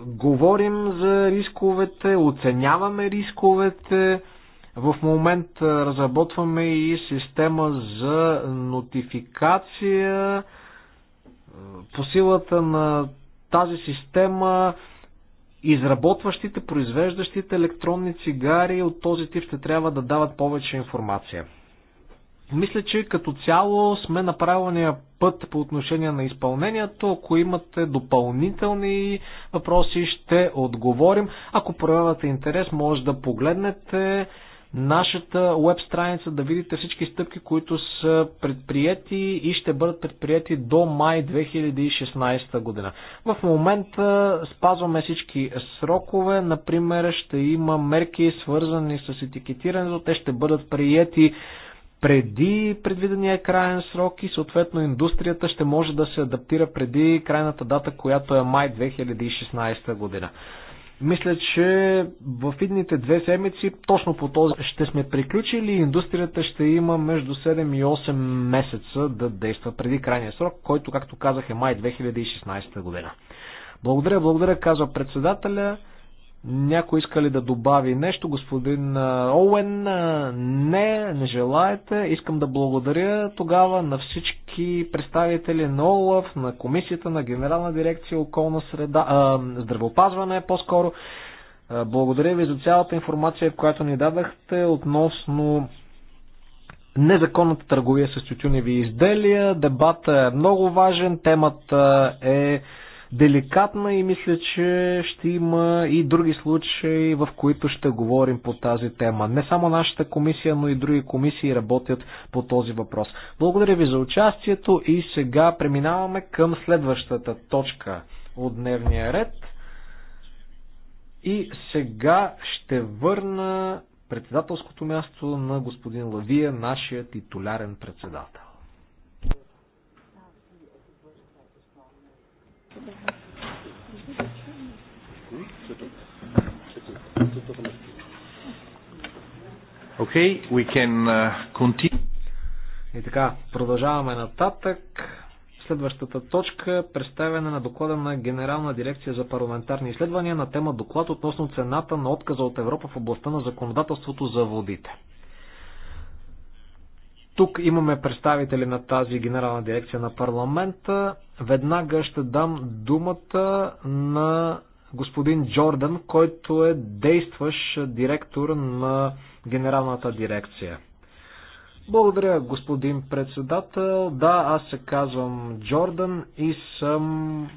Говорим за рисковете, оценяваме рисковете. В момента разработваме и система за нотификация по силата на тази система изработващите, произвеждащите електронни цигари от този тип ще трябва да дават повече информация. Мисля, че като цяло сме на правилния път по отношение на изпълнението. Ако имате допълнителни въпроси, ще отговорим. Ако проявявате интерес, може да погледнете нашата веб страница да видите всички стъпки, които са предприяти и ще бъдат предприяти до май 2016 година. В момента спазваме всички срокове, например ще има мерки свързани с етикетирането, те ще бъдат приети преди предвидения крайен срок и съответно индустрията ще може да се адаптира преди крайната дата, която е май 2016 година. Мисля, че в идните две седмици точно по този ще сме приключили. Индустрията ще има между 7 и 8 месеца да действа преди крайния срок, който, както казах, е май 2016 година. Благодаря, благодаря, казва председателя. Някой иска ли да добави нещо? Господин Оуен, не, не желаете. Искам да благодаря тогава на всички представители на ОЛАФ, на комисията, на Генерална дирекция околна среда, а, здравеопазване по-скоро. Благодаря ви за цялата информация, която ни дадахте относно незаконната търговия с тютюневи изделия. Дебата е много важен, темата е деликатна и мисля, че ще има и други случаи, в които ще говорим по тази тема. Не само нашата комисия, но и други комисии работят по този въпрос. Благодаря ви за участието и сега преминаваме към следващата точка от дневния ред. И сега ще върна председателското място на господин Лавия, нашия титулярен председател. Okay, we can uh, continue. И така, продължаваме нататък. Следващата точка – е представяне на доклада на Генерална дирекция за парламентарни изследвания на тема доклад относно цената на отказа от Европа в областта на законодателството за водите. Тук имаме представители на тази генерална дирекция на парламента. Веднага ще дам думата на господин Джордан, който е действащ директор на генералната дирекция. Благодаря, господин председател. Да, аз се казвам Джордан и съм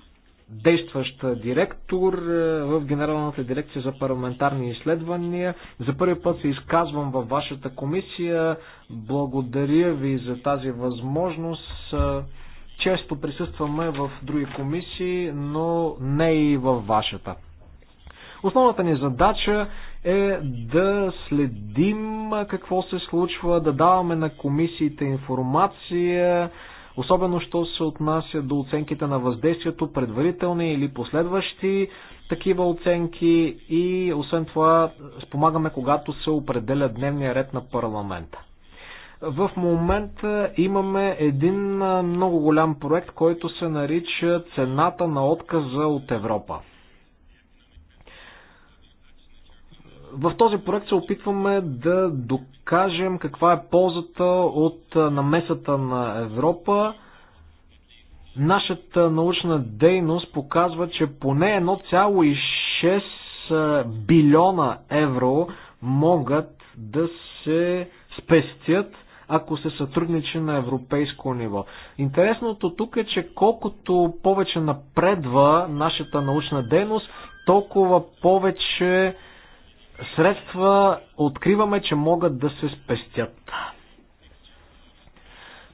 действащ директор е, в Генералната дирекция за парламентарни изследвания. За първи път се изказвам във вашата комисия. Благодаря ви за тази възможност. Е, често присъстваме в други комисии, но не и във вашата. Основната ни задача е да следим какво се случва, да даваме на комисиите информация, особено що се отнася до оценките на въздействието, предварителни или последващи такива оценки и освен това спомагаме, когато се определя дневния ред на парламента. В момента имаме един много голям проект, който се нарича Цената на отказа от Европа. В този проект се опитваме да докажем каква е ползата от намесата на Европа. Нашата научна дейност показва, че поне 1,6 билиона евро могат да се спестят, ако се сътрудничи на европейско ниво. Интересното тук е, че колкото повече напредва нашата научна дейност, толкова повече средства откриваме, че могат да се спестят.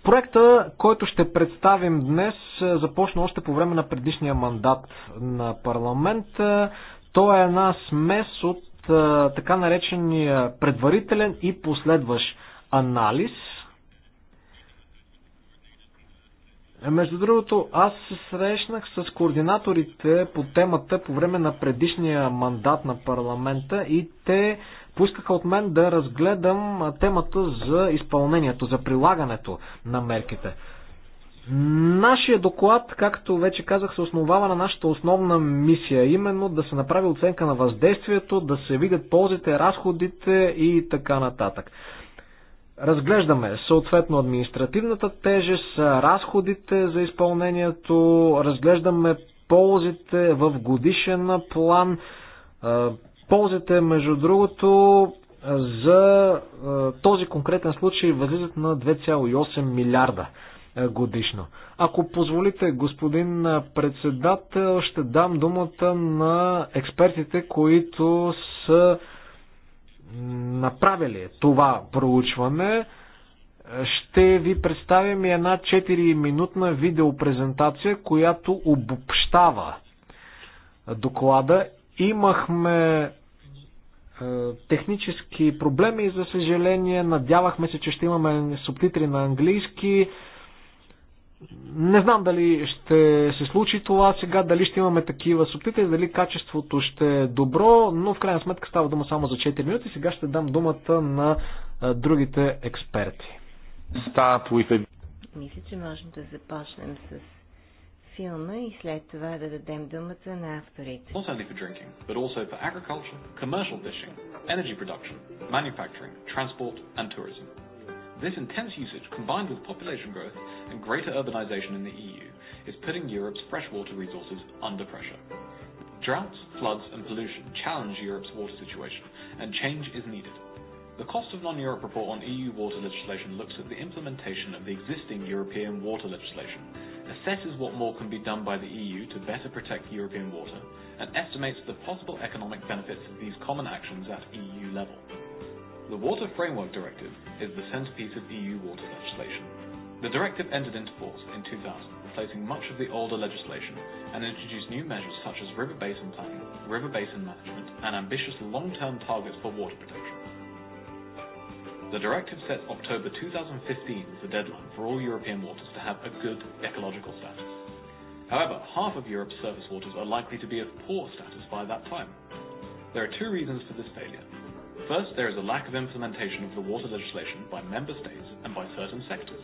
Проекта, който ще представим днес, започна още по време на предишния мандат на парламента. Той е една смес от така наречения предварителен и последващ анализ – Е, между другото, аз се срещнах с координаторите по темата по време на предишния мандат на парламента и те поискаха от мен да разгледам темата за изпълнението, за прилагането на мерките. Нашия доклад, както вече казах, се основава на нашата основна мисия, именно да се направи оценка на въздействието, да се видят ползите, разходите и така нататък разглеждаме съответно административната тежест, разходите за изпълнението, разглеждаме ползите в годишен план, ползите между другото за този конкретен случай възлизат на 2,8 милиарда годишно. Ако позволите, господин председател, ще дам думата на експертите, които са направили това проучване, ще ви представим и една 4-минутна видеопрезентация, която обобщава доклада. Имахме е, технически проблеми, за съжаление. Надявахме се, че ще имаме субтитри на английски. Не знам дали ще се случи това сега, дали ще имаме такива субтитри, дали качеството ще е добро, но в крайна сметка става дума само за 4 минути. Сега ще дам думата на другите експерти. Мисля, че можем да започнем с филма и след това да дадем думата на авторите. Not only for drinking, but also for agriculture, commercial fishing, energy production, manufacturing, transport and tourism. This intense usage, combined with population growth and greater urbanization in the EU, is putting Europe's freshwater resources under pressure. Droughts, floods, and pollution challenge Europe's water situation, and change is needed. The Cost of Non-Europe report on EU water legislation looks at the implementation of the existing European water legislation, assesses what more can be done by the EU to better protect European water, and estimates the possible economic benefits of these common actions at EU level. The Water Framework Directive is the centerpiece of EU water legislation. The directive entered into force in 2000, replacing much of the older legislation, and introduced new measures such as river basin planning, river basin management, and ambitious long-term targets for water protection. The directive sets October 2015 as the deadline for all European waters to have a good ecological status. However, half of Europe's surface waters are likely to be of poor status by that time. There are two reasons for this failure. First, there is a lack of implementation of the water legislation by member states and by certain sectors.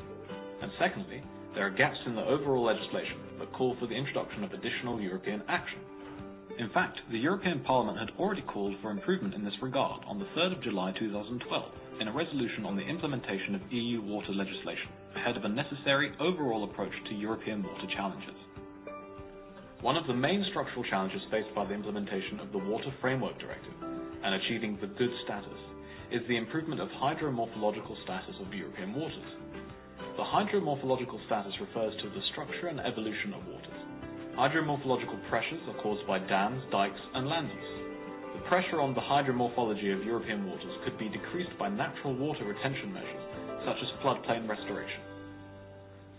And secondly, there are gaps in the overall legislation that call for the introduction of additional European action. In fact, the European Parliament had already called for improvement in this regard on the 3rd of July 2012 in a resolution on the implementation of EU water legislation ahead of a necessary overall approach to European water challenges one of the main structural challenges faced by the implementation of the Water Framework Directive and achieving the good status is the improvement of hydromorphological status of European waters. The hydromorphological status refers to the structure and evolution of waters. Hydromorphological pressures are caused by dams, dikes, and land use. The pressure on the hydromorphology of European waters could be decreased by natural water retention measures, such as floodplain restoration.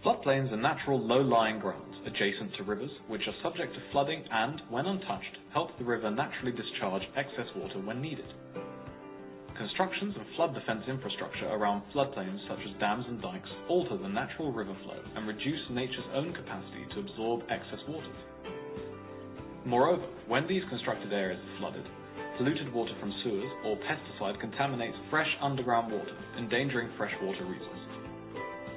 Floodplains are natural low-lying ground adjacent to rivers, which are subject to flooding and, when untouched, help the river naturally discharge excess water when needed. Constructions of flood defense infrastructure around floodplains such as dams and dikes alter the natural river flow and reduce nature's own capacity to absorb excess waters. Moreover, when these constructed areas are flooded, polluted water from sewers or pesticide contaminates fresh underground water, endangering freshwater resources.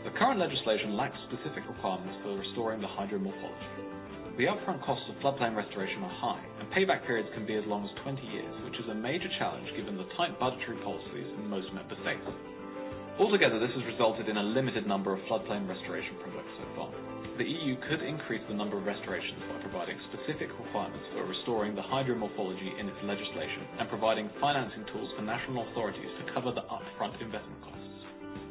The current legislation lacks specific requirements for restoring the hydro morphology. The upfront costs of floodplain restoration are high, and payback periods can be as long as 20 years, which is a major challenge given the tight budgetary policies in most member states. Altogether, this has resulted in a limited number of floodplain restoration projects so far. The EU could increase the number of restorations by providing specific requirements for restoring the hydromorphology in its legislation and providing financing tools for national authorities to cover the upfront investment costs.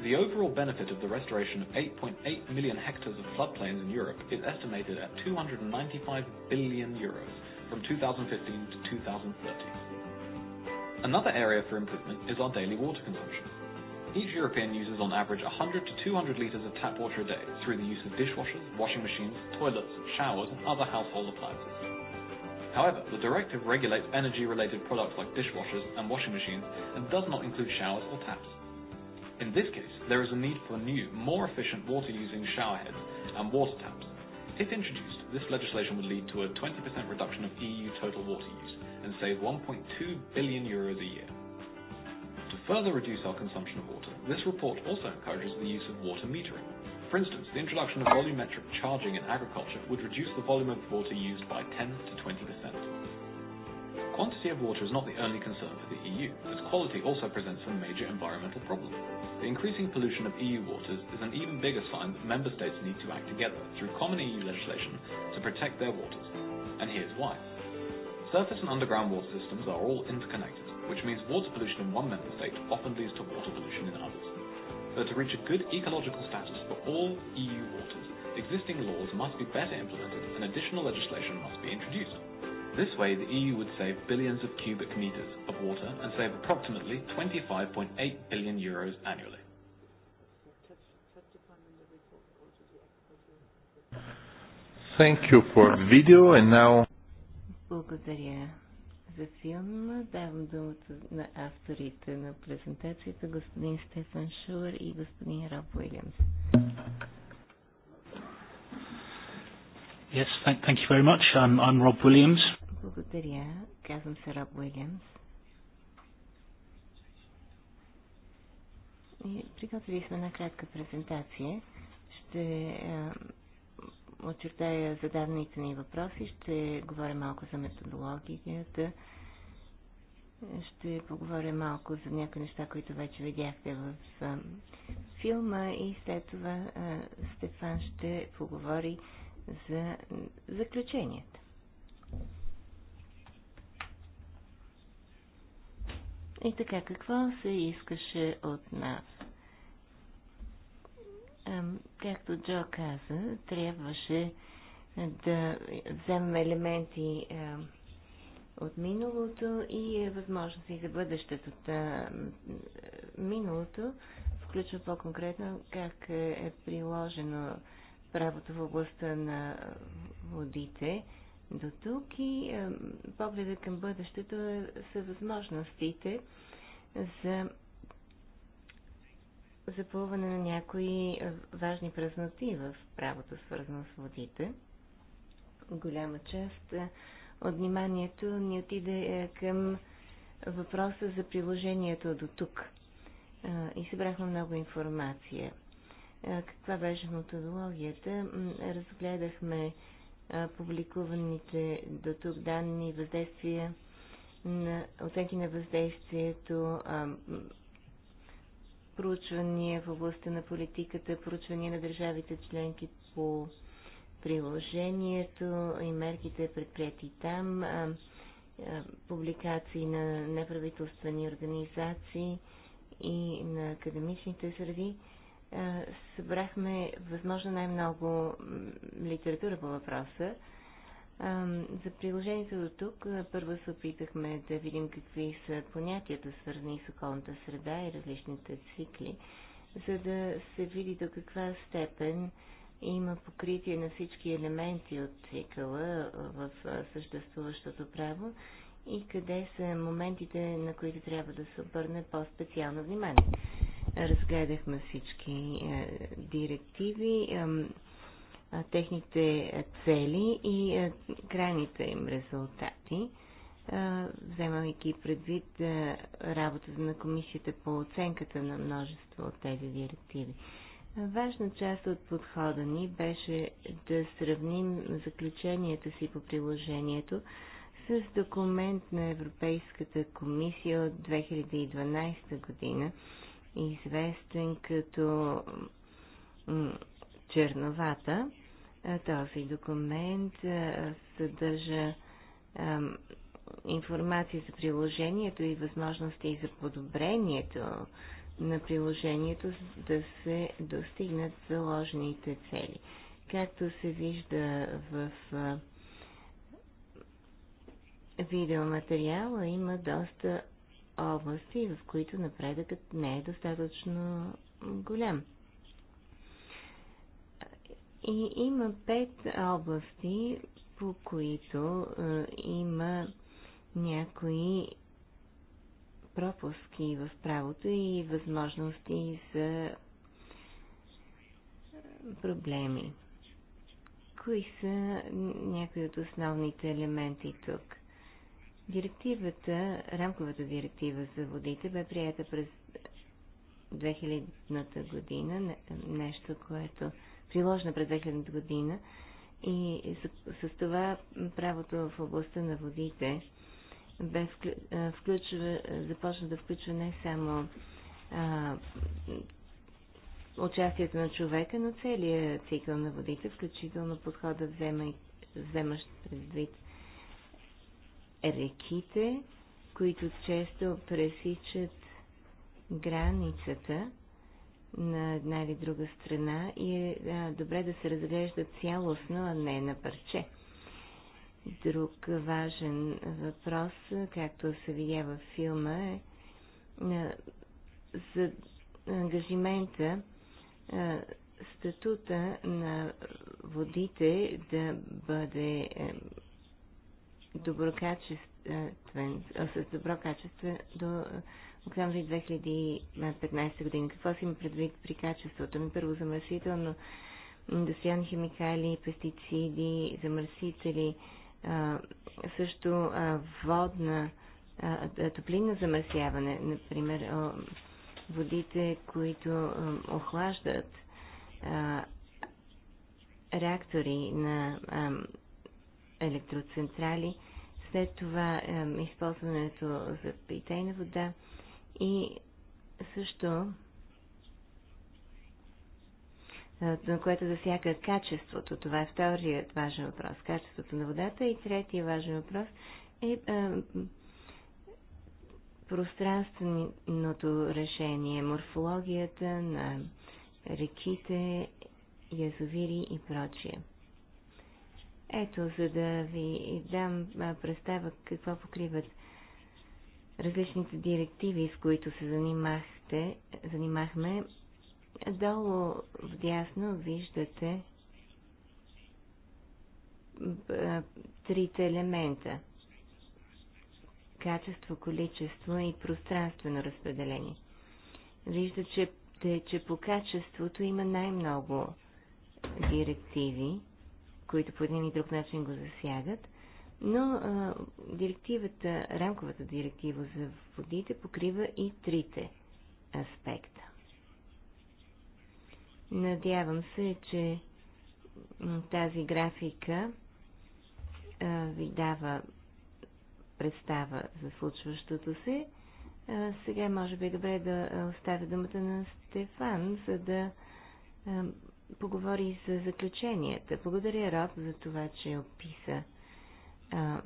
The overall benefit of the restoration of 8.8 million hectares of floodplains in Europe is estimated at 295 billion euros from 2015 to 2030. Another area for improvement is our daily water consumption. Each European uses on average 100 to 200 litres of tap water a day through the use of dishwashers, washing machines, toilets, showers and other household appliances. However, the directive regulates energy-related products like dishwashers and washing machines and does not include showers or taps. In this case, there is a need for new, more efficient water-using showerheads and water taps. If introduced, this legislation would lead to a 20% reduction of EU total water use and save 1.2 billion euros a year. To further reduce our consumption of water, this report also encourages the use of water metering. For instance, the introduction of volumetric charging in agriculture would reduce the volume of water used by 10 to 20% quantity of water is not the only concern for the EU, as quality also presents a major environmental problem. The increasing pollution of EU waters is an even bigger sign that member states need to act together through common EU legislation to protect their waters. And here's why. Surface and underground water systems are all interconnected, which means water pollution in one member state often leads to water pollution in others. But to reach a good ecological status for all EU waters, existing laws must be better implemented and additional legislation must be introduced. This way, the EU would save billions of cubic meters of water and save approximately 25.8 billion euros annually. Thank you for video and now... Благодаря за филма. Давам думата на авторите на презентацията, господин Стефан Шулер и господин Роб Уилямс. Yes, thank, thank you very much. I'm, I'm Rob Williams благодаря. Казвам се Роб Уилямс. И приготвили сме една кратка презентация. Ще а, очертая зададените ни въпроси, ще говоря малко за методологията, ще поговоря малко за някои неща, които вече видяхте в а, филма и след това а, Стефан ще поговори за заключение. И така, какво се искаше от нас? Както Джо каза, трябваше да вземем елементи от миналото и е възможности за бъдещето. Миналото включва по-конкретно как е приложено правото в областта на водите до тук и погледа към бъдещето е, са възможностите за запълване на някои важни празноти в правото, свързано с водите. Голяма част от вниманието ни отиде е, към въпроса за приложението до тук. И събрахме много информация. Каква беше методологията? Разгледахме публикуваните до тук данни въздействия на оценки на въздействието, проучвания в областта на политиката, проучвания на държавите членки по приложението и мерките предприяти там, публикации на неправителствени организации и на академичните среди. Е, събрахме възможно най-много литература по въпроса. За приложението до тук е, първо се опитахме да видим какви са понятията, свързани с околната среда и различните цикли, за да се види до каква степен има покритие на всички елементи от цикъла е, в съществуващото право и къде са моментите, на които трябва да се обърне по-специално внимание разгледахме всички е, директиви, техните цели и е, крайните им резултати, е, вземайки предвид работата на комисията по оценката на множество от тези директиви. Важна част от подхода ни беше да сравним заключенията си по приложението с документ на Европейската комисия от 2012 година, известен като черновата. Този документ съдържа информация за приложението и възможности за подобрението на приложението, да се достигнат заложените цели. Както се вижда в видеоматериала, има доста области, в които напредъкът не е достатъчно голям. И има пет области, по които е, има някои пропуски в правото и възможности за е, проблеми. Кои са някои от основните елементи тук? Директивата, рамковата директива за водите бе прията през 2000-та година, нещо, което приложено през 2000-та година и с, с това правото в областта на водите бе включва, започна да включва не само а, участието на човека, но целият цикъл на водите, включително подхода взема, вземащ предвид реките, които често пресичат границата на една или друга страна и е а, добре да се разглежда цялостно, а не на парче. Друг важен въпрос, както се видя във филма, е а, за ангажимента, а, статута на водите да бъде е, доброкачествен, с добро качество до октомври 2015 година. Какво си има предвид при качеството? На първо замърсително индустриални химикали, пестициди, замърсители, също водна, топлинно замърсяване, например, водите, които охлаждат реактори на електроцентрали – след това е, използването за питейна вода и също е, на което засяга качеството. Това е вторият важен въпрос. Качеството на водата и третия важен въпрос е, е пространственото решение, морфологията на реките, язовири и прочие. Ето, за да ви дам представа какво покриват различните директиви, с които се занимахте, занимахме, долу дясно виждате трите елемента качество, количество и пространствено разпределение. Вижда, че, че по качеството има най-много директиви които по един и друг начин го засягат, но а, директивата, рамковата директива за водите покрива и трите аспекта. Надявам се, че тази графика а, ви дава представа за случващото се. А, сега може би е добре да оставя думата на Стефан, за да поговори за заключенията. Благодаря Роб за това, че описа а,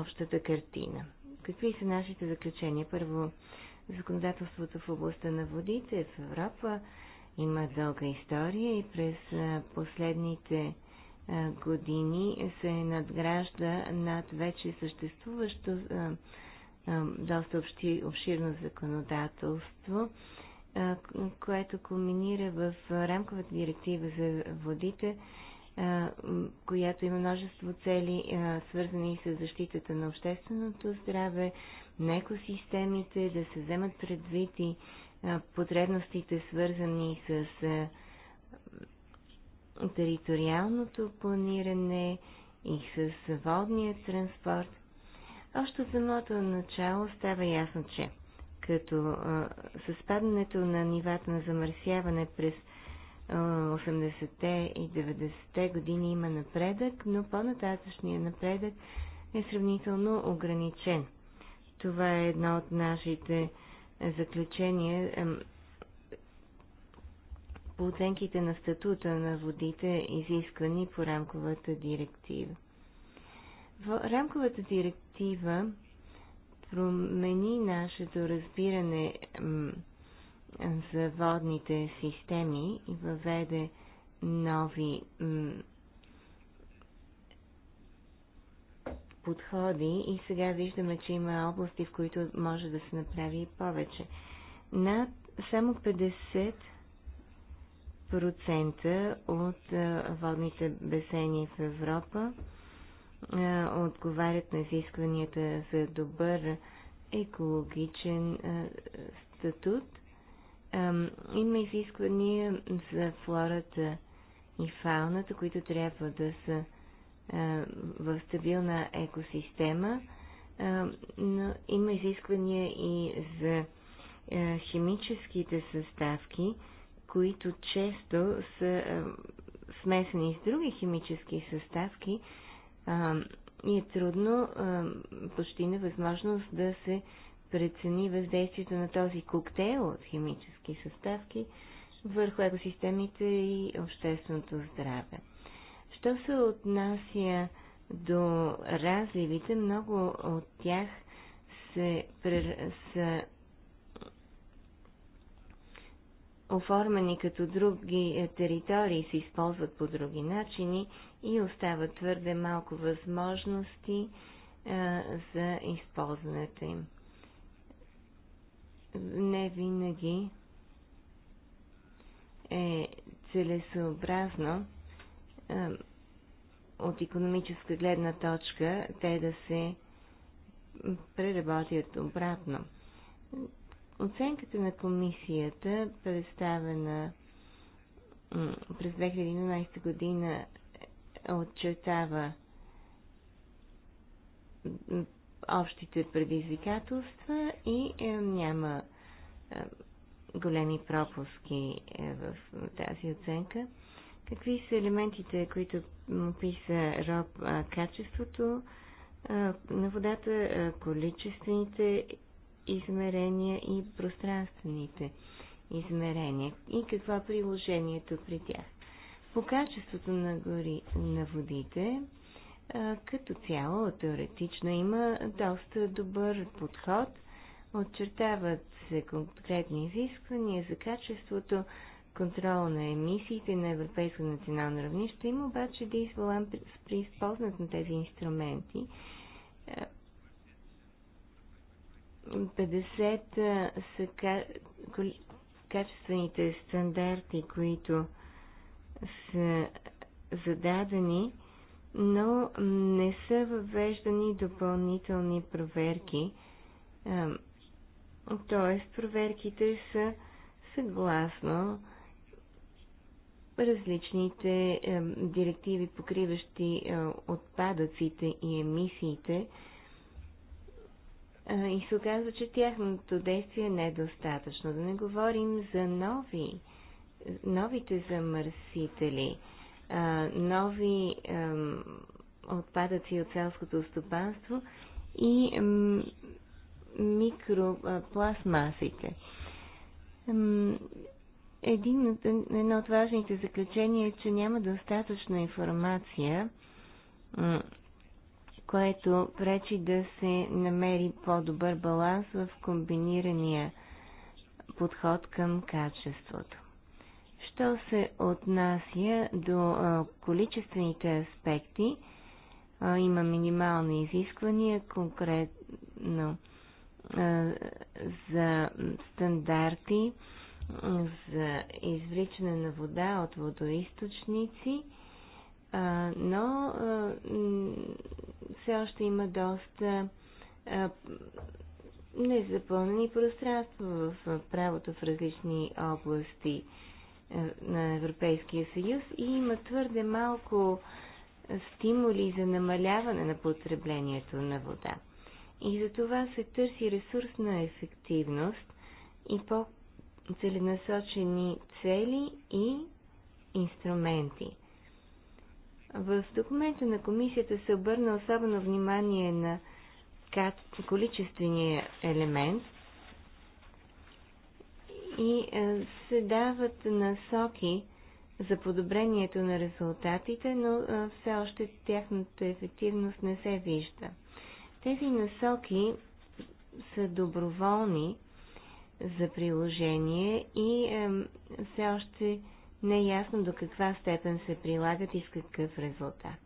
общата картина. Какви са нашите заключения? Първо, законодателството в областта на водите в Европа има дълга история и през последните години се надгражда над вече съществуващо доста обширно законодателство което кулминира в рамковата директива за водите, която има множество цели, свързани с защитата на общественото здраве, на екосистемите, да се вземат предвид и потребностите, свързани с териториалното планиране и с водния транспорт. Още самото начало става ясно, че като а, с падането на нивата на замърсяване през 80-те и 90-те години има напредък, но по-нататъчният напредък е сравнително ограничен. Това е едно от нашите заключения по оценките на статута на водите, изисквани по рамковата директива. В рамковата директива промени нашето разбиране за водните системи и въведе нови подходи и сега виждаме, че има области, в които може да се направи и повече. Над само 50% от водните басейни в Европа е, отговарят на изискванията за добър екологичен е, статут. Е, има изисквания за флората и фауната, които трябва да са в стабилна екосистема, но има изисквания и за химическите съставки, които често са смесени с други химически съставки, а, и е трудно, а, почти невъзможност да се прецени въздействието на този коктейл от химически съставки върху екосистемите и общественото здраве. Що се отнася до разливите, много от тях се, прер... са оформени като други е, територии, се използват по други начини и остават твърде малко възможности а, за използването им. Не винаги е целесообразно а, от економическа гледна точка те да се преработят обратно. Оценката на комисията, представена през 2011 година отчетава общите предизвикателства и е, няма е, големи пропуски е, в тази оценка. Какви са елементите, които описа Роб? Качеството на водата, количествените измерения и пространствените измерения и какво е приложението при тях по качеството на, гори, на водите, като цяло теоретично има доста добър подход. Отчертават се конкретни изисквания за качеството, контрол на емисиите на европейско национално равнище. Има обаче дисбаланс да е при използват на тези инструменти. 50 са качествените стандарти, които са зададени, но не са въвеждани допълнителни проверки. Т.е. проверките са съгласно различните директиви, покриващи отпадъците и емисиите. и се оказва, че тяхното действие не е достатъчно. Да не говорим за нови новите замърсители, нови отпадъци от селското стопанство и микропластмасите. Един от, едно от важните заключения е, че няма достатъчна информация, което пречи да се намери по-добър баланс в комбинирания подход към качеството. Що се отнася до количествените аспекти, има минимални изисквания, конкретно за стандарти за извличане на вода от водоисточници, но все още има доста незапълнени пространства в правото в различни области е, на Европейския съюз и има твърде малко стимули за намаляване на потреблението на вода. И за това се търси ресурсна ефективност и по-целенасочени цели и инструменти. В документа на комисията се обърна особено внимание на количествения елемент – и е, се дават насоки за подобрението на резултатите, но е, все още тяхната ефективност не се вижда. Тези насоки са доброволни за приложение и е, все още не е ясно до каква степен се прилагат и с какъв резултат.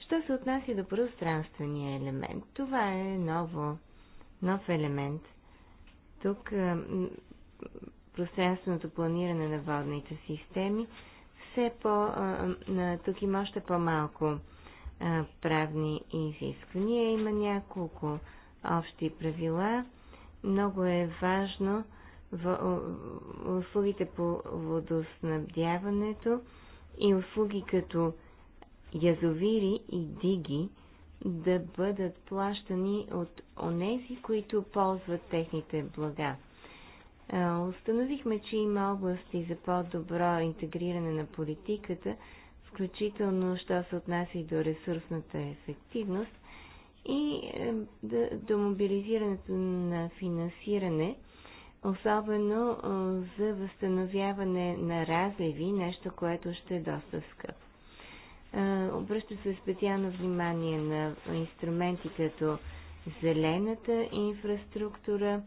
Що се отнася до пространствения елемент? Това е ново, нов елемент. Тук пространственото планиране на водните системи, все по, тук има още по-малко правни изисквания. Има няколко общи правила. Много е важно в услугите по водоснабдяването и услуги като язовири и диги да бъдат плащани от онези, които ползват техните блага. Установихме, че има области за по-добро интегриране на политиката, включително, що се отнася и до ресурсната ефективност и е, до мобилизирането на финансиране, особено за възстановяване на разливи, нещо, което ще е доста скъпо. Обръща се специално внимание на инструменти като зелената инфраструктура,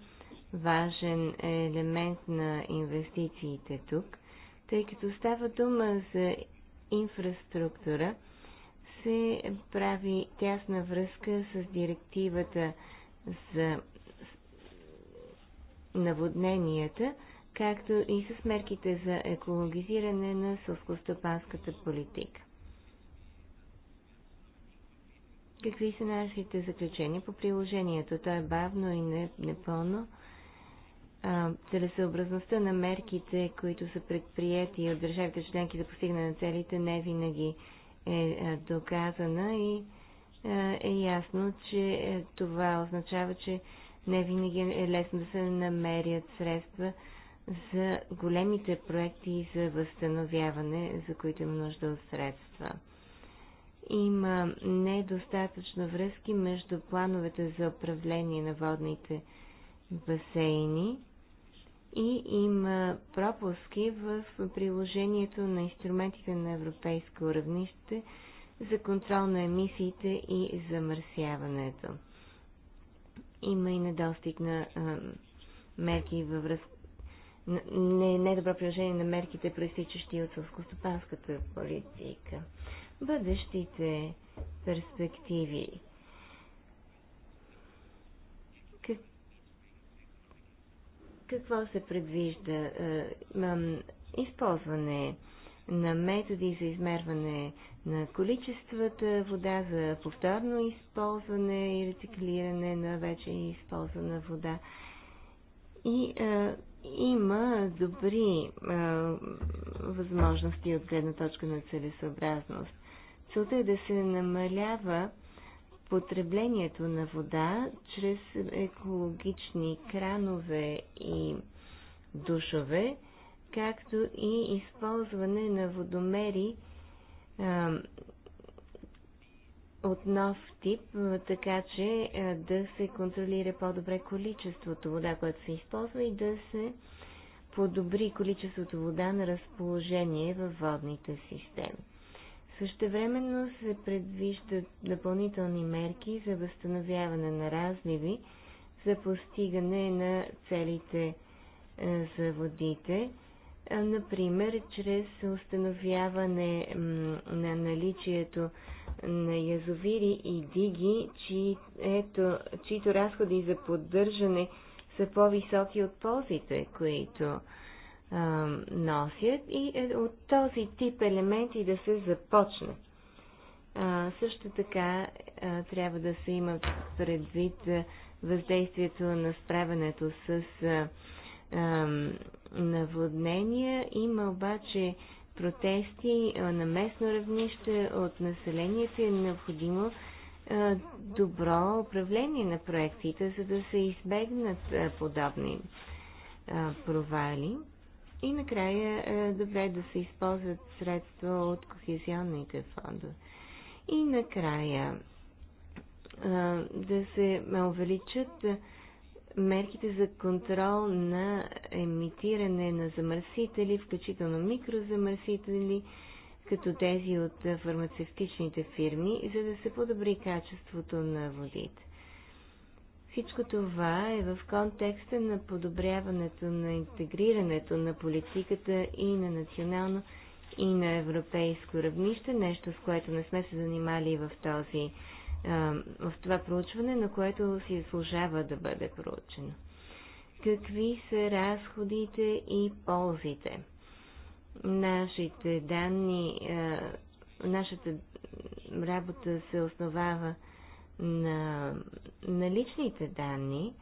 важен елемент на инвестициите тук, тъй като става дума за инфраструктура, се прави тясна връзка с директивата за наводненията, както и с мерките за екологизиране на сълскостопанската политика. Какви са нашите заключения по приложението? То е бавно и непълно. Не целесъобразността на мерките, които са предприяти от държавите членки за постигане на целите, не винаги е, е доказана и е ясно, че е, това означава, че не винаги е лесно да се намерят средства за големите проекти и за възстановяване, за които има нужда от средства. Има недостатъчно връзки между плановете за управление на водните басейни и има пропуски в приложението на инструментите на европейско равнище за контрол на емисиите и замърсяването. Има и недостиг на а, мерки във връзка не, не добро приложение на мерките, проистичащи от сълскостопанската политика. Бъдещите перспективи Какво се предвижда? Е, използване на методи за измерване на количествата вода, за повторно използване и рециклиране на вече използвана вода. И а, е, има добри а, е, възможности от гледна точка на целесообразност. Целта е да се намалява потреблението на вода чрез екологични кранове и душове, както и използване на водомери а, от нов тип, така че а, да се контролира по-добре количеството вода, което се използва и да се подобри количеството вода на разположение във водните системи. Същевременно се предвиждат допълнителни мерки за възстановяване на разливи за постигане на целите е, за водите, например чрез установяване на наличието на язовири и диги, чието, ето, чието разходи за поддържане са по-високи от ползите, които а, носят и е от този тип елементи да се започне. А, също така а, трябва да се има предвид въздействието на справянето с а, а, наводнения. Има обаче протести на местно равнище от населението е необходимо а, добро управление на проектите, за да се избегнат а, подобни а, провали. И накрая е добре да се използват средства от кохезионните фондове. И накрая е, да се е, увеличат мерките за контрол на емитиране на замърсители, включително микрозамърсители, като тези от фармацевтичните фирми, за да се подобри качеството на водите. Всичко това е в контекста на подобряването на интегрирането на политиката и на национално и на европейско равнище, нещо с което не сме се занимали в, този, в това проучване, на което си заслужава да бъде проучено. Какви са разходите и ползите? Нашите данни, нашата работа се основава на, на личните данни,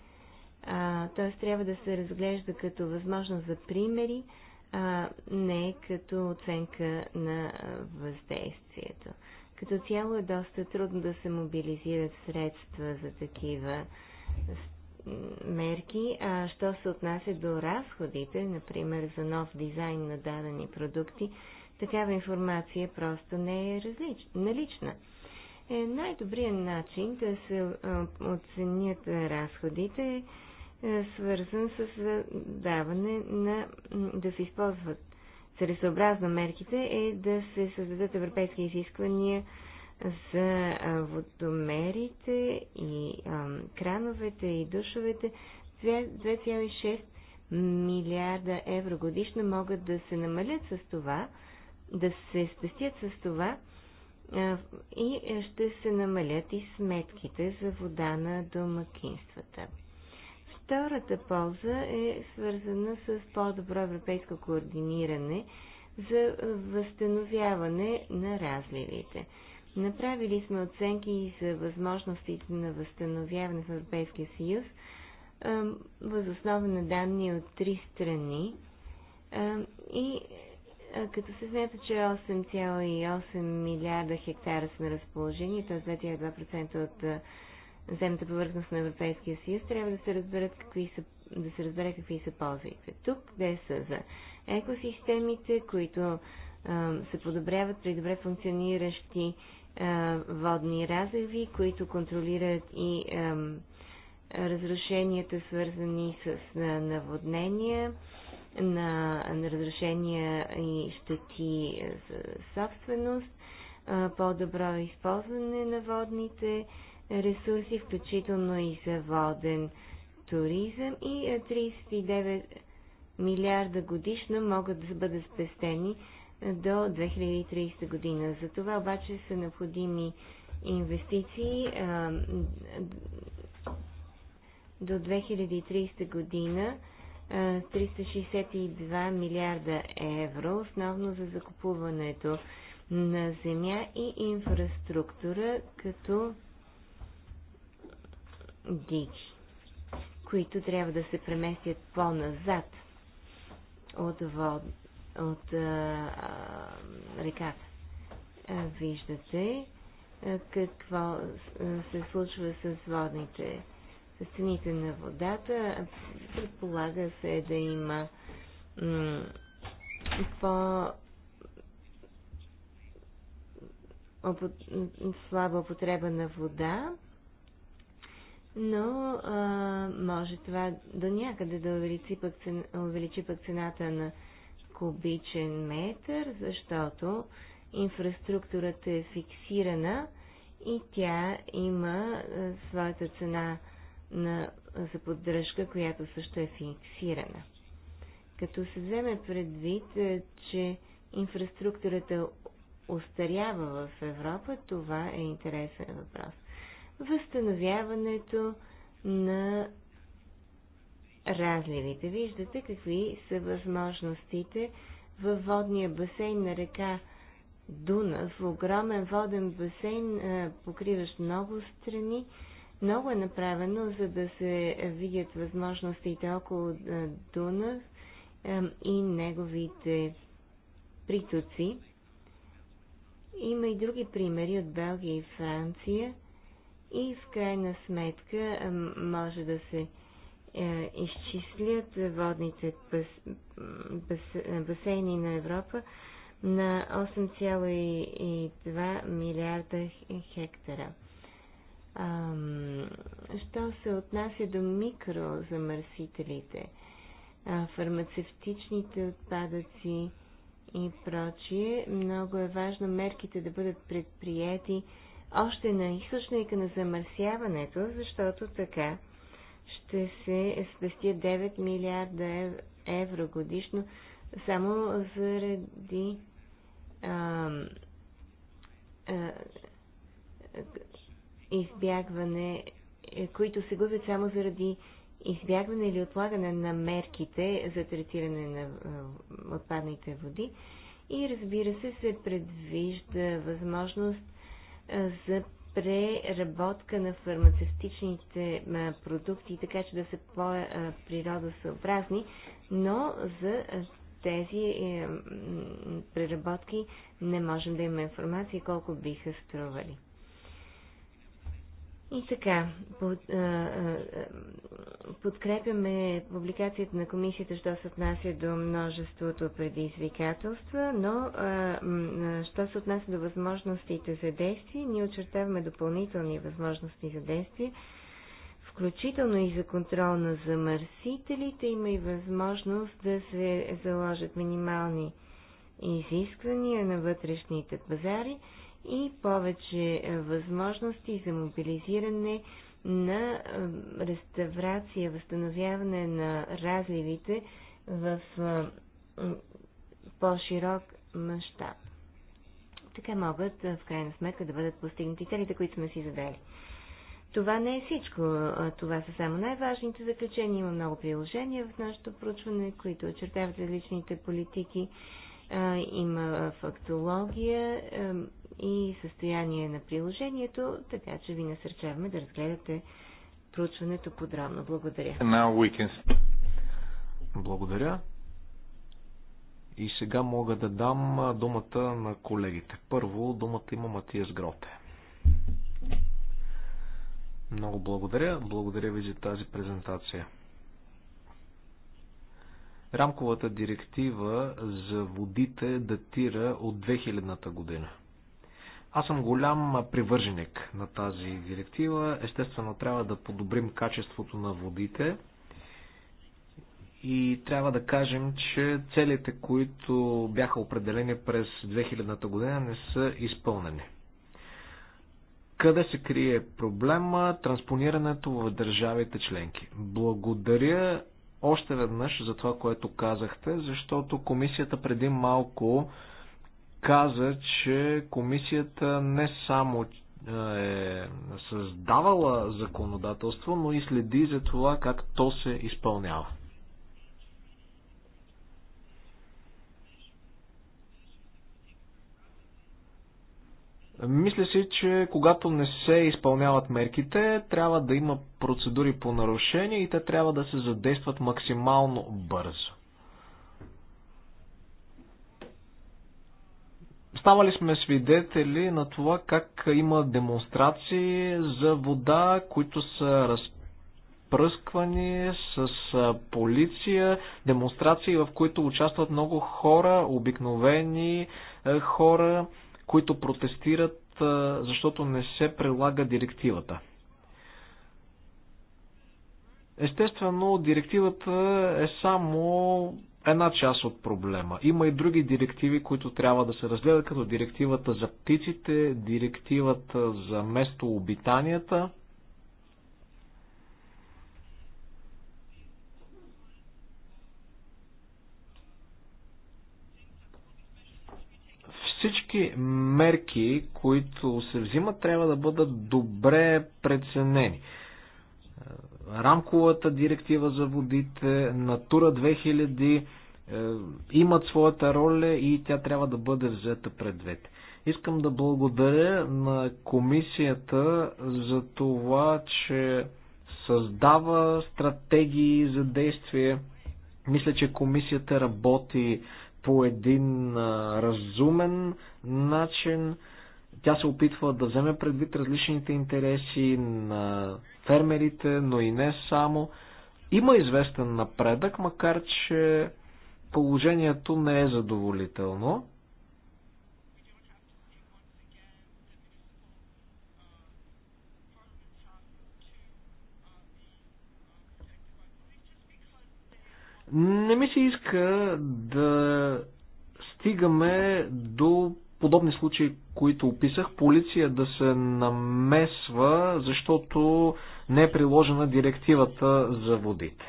т.е. трябва да се разглежда като възможност за примери, а не като оценка на въздействието. Като цяло е доста трудно да се мобилизират средства за такива мерки, а що се отнася до разходите, например за нов дизайн на дадени продукти, такава информация просто не е различ... налична е най-добрият начин да се оценят разходите е, е свързан с даване на, да се използват целесообразно мерките е да се създадат европейски изисквания за водомерите и крановете и душовете. 2,6 милиарда евро годишно могат да се намалят с това, да се спестят с това, и е, ще се намалят и сметките за вода на домакинствата. Втората полза е свързана с по-добро европейско координиране за възстановяване на разливите. Направили сме оценки и за възможностите на възстановяване в Европейския съюз възоснова на данни от три страни и като се смята, че 8,8 милиарда хектара са на разположение, т.е. 2,2% от земната повърхност на Европейския съюз, трябва да се разберат какви са да се разбере какви са ползите. Тук, де са за екосистемите, които а, се подобряват при добре функциониращи а, водни разливи, които контролират и а, разрушенията, свързани с а, наводнения, на разрешения и щети за собственост, по-добро използване на водните ресурси, включително и за воден туризъм и 39 милиарда годишно могат да бъдат спестени до 2030 година. За това обаче са необходими инвестиции до 2030 година 362 е, милиарда евро, основно за закупуването на земя и инфраструктура, като диги, които трябва да се преместят по-назад от, вод, от а, а, реката. А, е, виждате а, е, какво се случва с водните с цените на водата. Предполага се да има по слаба употреба на вода, но а, може това до някъде да увеличи пък, цена, увеличи пък цената на кубичен метър, защото инфраструктурата е фиксирана и тя има а, своята цена на, за поддръжка, която също е фиксирана. Като се вземе предвид, е, че инфраструктурата остарява в Европа, това е интересен въпрос. Възстановяването на разливите. Виждате какви са възможностите във водния басейн на река Дунав, огромен воден басейн, е, покриващ много страни, много е направено, за да се видят възможностите около е, Дунав е, и неговите притоци. Има и други примери от Белгия и Франция и в крайна сметка е, може да се изчислят водните басейни на Европа на 8,2 милиарда хектара. Ам, що се отнася до микрозамърсителите, а, фармацевтичните отпадъци и прочие, много е важно мерките да бъдат предприяти още на източника на замърсяването, защото така ще се спести 9 милиарда евро годишно само заради ам, а, избягване, е, които се губят само заради избягване или отлагане на мерките за третиране на е, отпадните води. И разбира се, се предвижда възможност е, за преработка на фармацевтичните продукти, така че да са по-природосъобразни, но за тези преработки не можем да имаме информация колко биха стрували. И така, под, а, а, подкрепяме публикацията на комисията, що се отнася до множеството предизвикателства, но а, що се отнася до възможностите за действие, ние очертаваме допълнителни възможности за действие, включително и за контрол на замърсителите. Има и възможност да се заложат минимални изисквания на вътрешните пазари и повече е, възможности за мобилизиране на е, реставрация, възстановяване на разливите в е, по-широк мащаб. Така могат в крайна сметка да бъдат постигнати целите, които сме си задали. Това не е всичко. Това са само най-важните заключения. Има много приложения в нашето проучване, които очертават различните политики. Има фактология, и състояние на приложението, така че ви насърчаваме да разгледате проучването подробно. Благодаря. Can... Благодаря. И сега мога да дам думата на колегите. Първо думата има Матиас Гроте. Много благодаря. Благодаря ви за тази презентация. Рамковата директива за водите датира от 2000-та година. Аз съм голям привърженик на тази директива. Естествено, трябва да подобрим качеството на водите и трябва да кажем, че целите, които бяха определени през 2000-та година, не са изпълнени. Къде се крие проблема? Транспонирането в държавите членки. Благодаря още веднъж за това, което казахте, защото комисията преди малко каза, че комисията не само е създавала законодателство, но и следи за това как то се изпълнява. Мисля си, че когато не се изпълняват мерките, трябва да има процедури по нарушение и те трябва да се задействат максимално бързо. Ставали сме свидетели на това как има демонстрации за вода, които са разпръсквани с полиция, демонстрации, в които участват много хора, обикновени хора, които протестират, защото не се прилага директивата. Естествено, директивата е само една част от проблема. Има и други директиви, които трябва да се разгледат, като директивата за птиците, директивата за местообитанията. Всички мерки, които се взимат, трябва да бъдат добре преценени рамковата директива за водите, Натура 2000 е, имат своята роля и тя трябва да бъде взета предвид. Искам да благодаря на комисията за това, че създава стратегии за действие. Мисля, че комисията работи по един разумен начин. Тя се опитва да вземе предвид различните интереси на фермерите, но и не само. Има известен напредък, макар че положението не е задоволително. Не ми се иска да стигаме до подобни случаи, които описах, полиция да се намесва, защото не е приложена директивата за водите.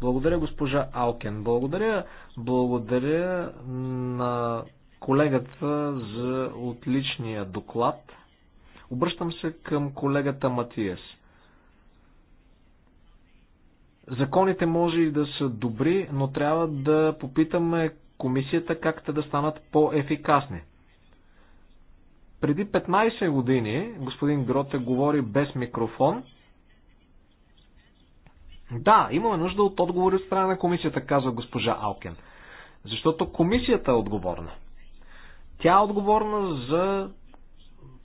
Благодаря госпожа Алкен. Благодаря, благодаря на колегата за отличния доклад. Обръщам се към колегата Матиес. Законите може и да са добри, но трябва да попитаме комисията как те да станат по-ефикасни. Преди 15 години господин Гроте говори без микрофон. Да, имаме нужда от отговори от страна на комисията, казва госпожа Алкен. Защото комисията е отговорна. Тя е отговорна за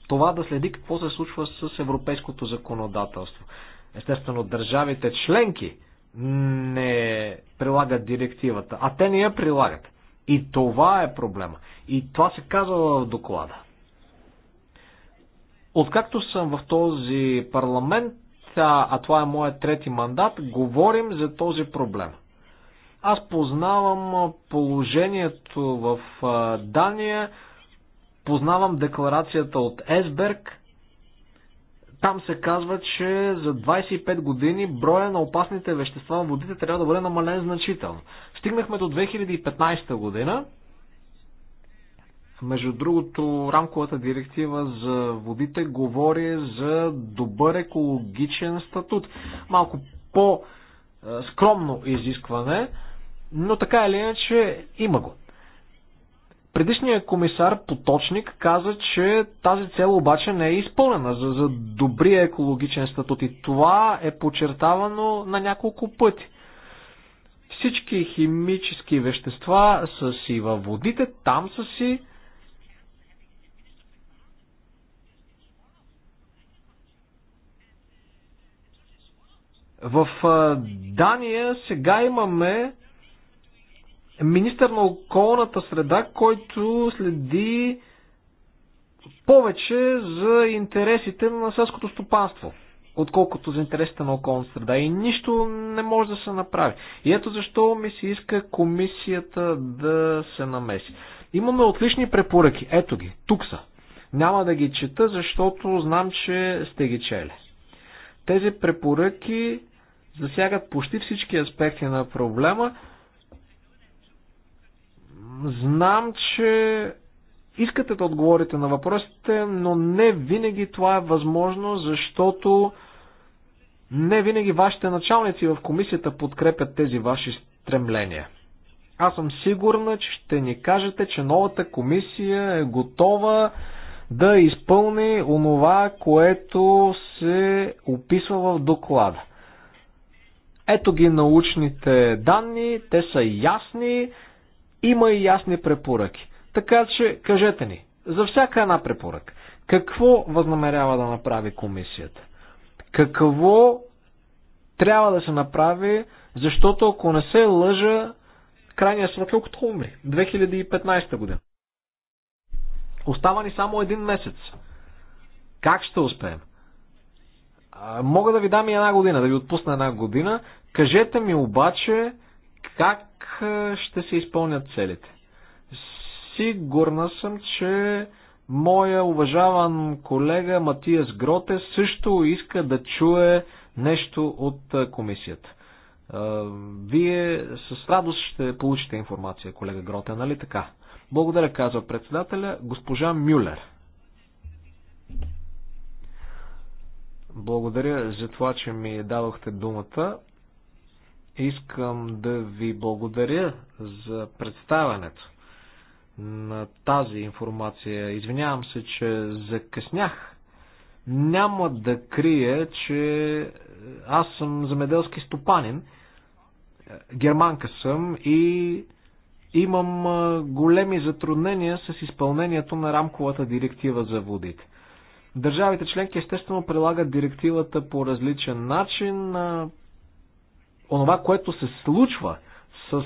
това да следи какво се случва с европейското законодателство. Естествено, държавите членки не прилагат директивата, а те не я прилагат. И това е проблема. И това се казва в доклада. Откакто съм в този парламент, а, а това е моят трети мандат, говорим за този проблем. Аз познавам положението в Дания, познавам декларацията от Есберг. Там се казва, че за 25 години броя на опасните вещества в водите трябва да бъде намален значително. Стигнахме до 2015 година, между другото, рамковата директива за водите говори за добър екологичен статут. Малко по-скромно изискване, но така или иначе има го. Предишният комисар Поточник каза, че тази цел обаче не е изпълнена за, за добрия екологичен статут и това е подчертавано на няколко пъти. Всички химически вещества са си във водите, там са си, В Дания сега имаме министър на околната среда, който следи повече за интересите на селското стопанство, отколкото за интересите на околната среда. И нищо не може да се направи. И ето защо ми се иска комисията да се намеси. Имаме отлични препоръки. Ето ги. Тук са. Няма да ги чета, защото знам, че сте ги чели. Тези препоръки засягат почти всички аспекти на проблема. Знам, че искате да отговорите на въпросите, но не винаги това е възможно, защото не винаги вашите началници в комисията подкрепят тези ваши стремления. Аз съм сигурна, че ще ни кажете, че новата комисия е готова да изпълни онова, което се описва в доклада. Ето ги научните данни, те са ясни, има и ясни препоръки. Така че, кажете ни, за всяка една препоръка, какво възнамерява да направи комисията? Какво трябва да се направи, защото ако не се лъжа, крайния срок е октомври 2015 година. Остава ни само един месец. Как ще успеем? Мога да ви дам и една година, да ви отпусна една година. Кажете ми обаче как ще се изпълнят целите. Сигурна съм, че моя уважаван колега Матиас Гроте също иска да чуе нещо от комисията. Вие с радост ще получите информация, колега Гроте, нали така? Благодаря, казва председателя, госпожа Мюлер. Благодаря за това, че ми дадохте думата. Искам да ви благодаря за представянето на тази информация. Извинявам се, че закъснях. Няма да крия, че аз съм замеделски стопанин. Германка съм и имам големи затруднения с изпълнението на рамковата директива за водите. Държавите членки естествено прилагат директивата по различен начин. Онова, което се случва с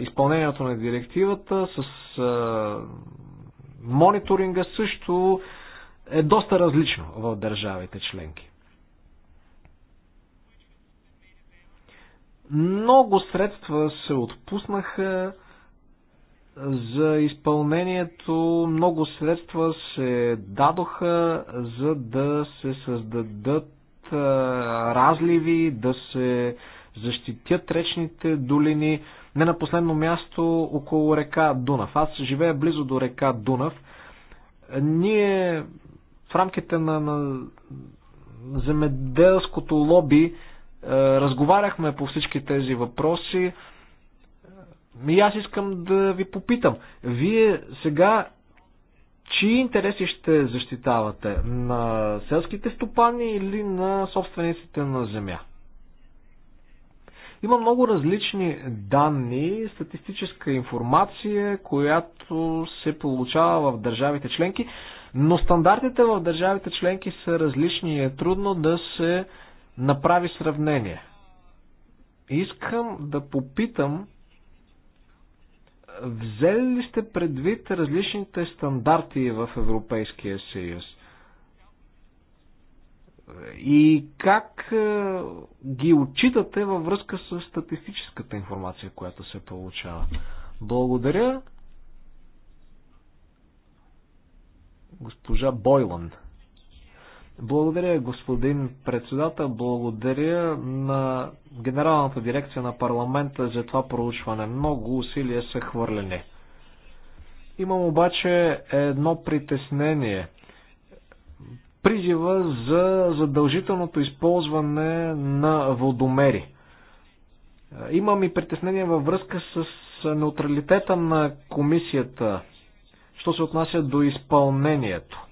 изпълнението на директивата, с мониторинга също е доста различно в държавите членки. Много средства се отпуснаха за изпълнението много средства се дадоха, за да се създадат разливи, да се защитят речните долини. Не на последно място около река Дунав. Аз живея близо до река Дунав. Ние в рамките на, на земеделското лоби разговаряхме по всички тези въпроси. И аз искам да ви попитам. Вие сега чии интереси ще защитавате? На селските стопани или на собствениците на земя? Има много различни данни, статистическа информация, която се получава в държавите членки, но стандартите в държавите членки са различни и е трудно да се направи сравнение. Искам да попитам взели ли сте предвид различните стандарти в Европейския съюз? И как е, ги отчитате във връзка с статистическата информация, която се получава? Благодаря. Госпожа Бойланд. Благодаря, господин председател. Благодаря на Генералната дирекция на парламента за това проучване. Много усилия са хвърлени. Имам обаче едно притеснение. Призива за задължителното използване на водомери. Имам и притеснение във връзка с неутралитета на комисията, що се отнася до изпълнението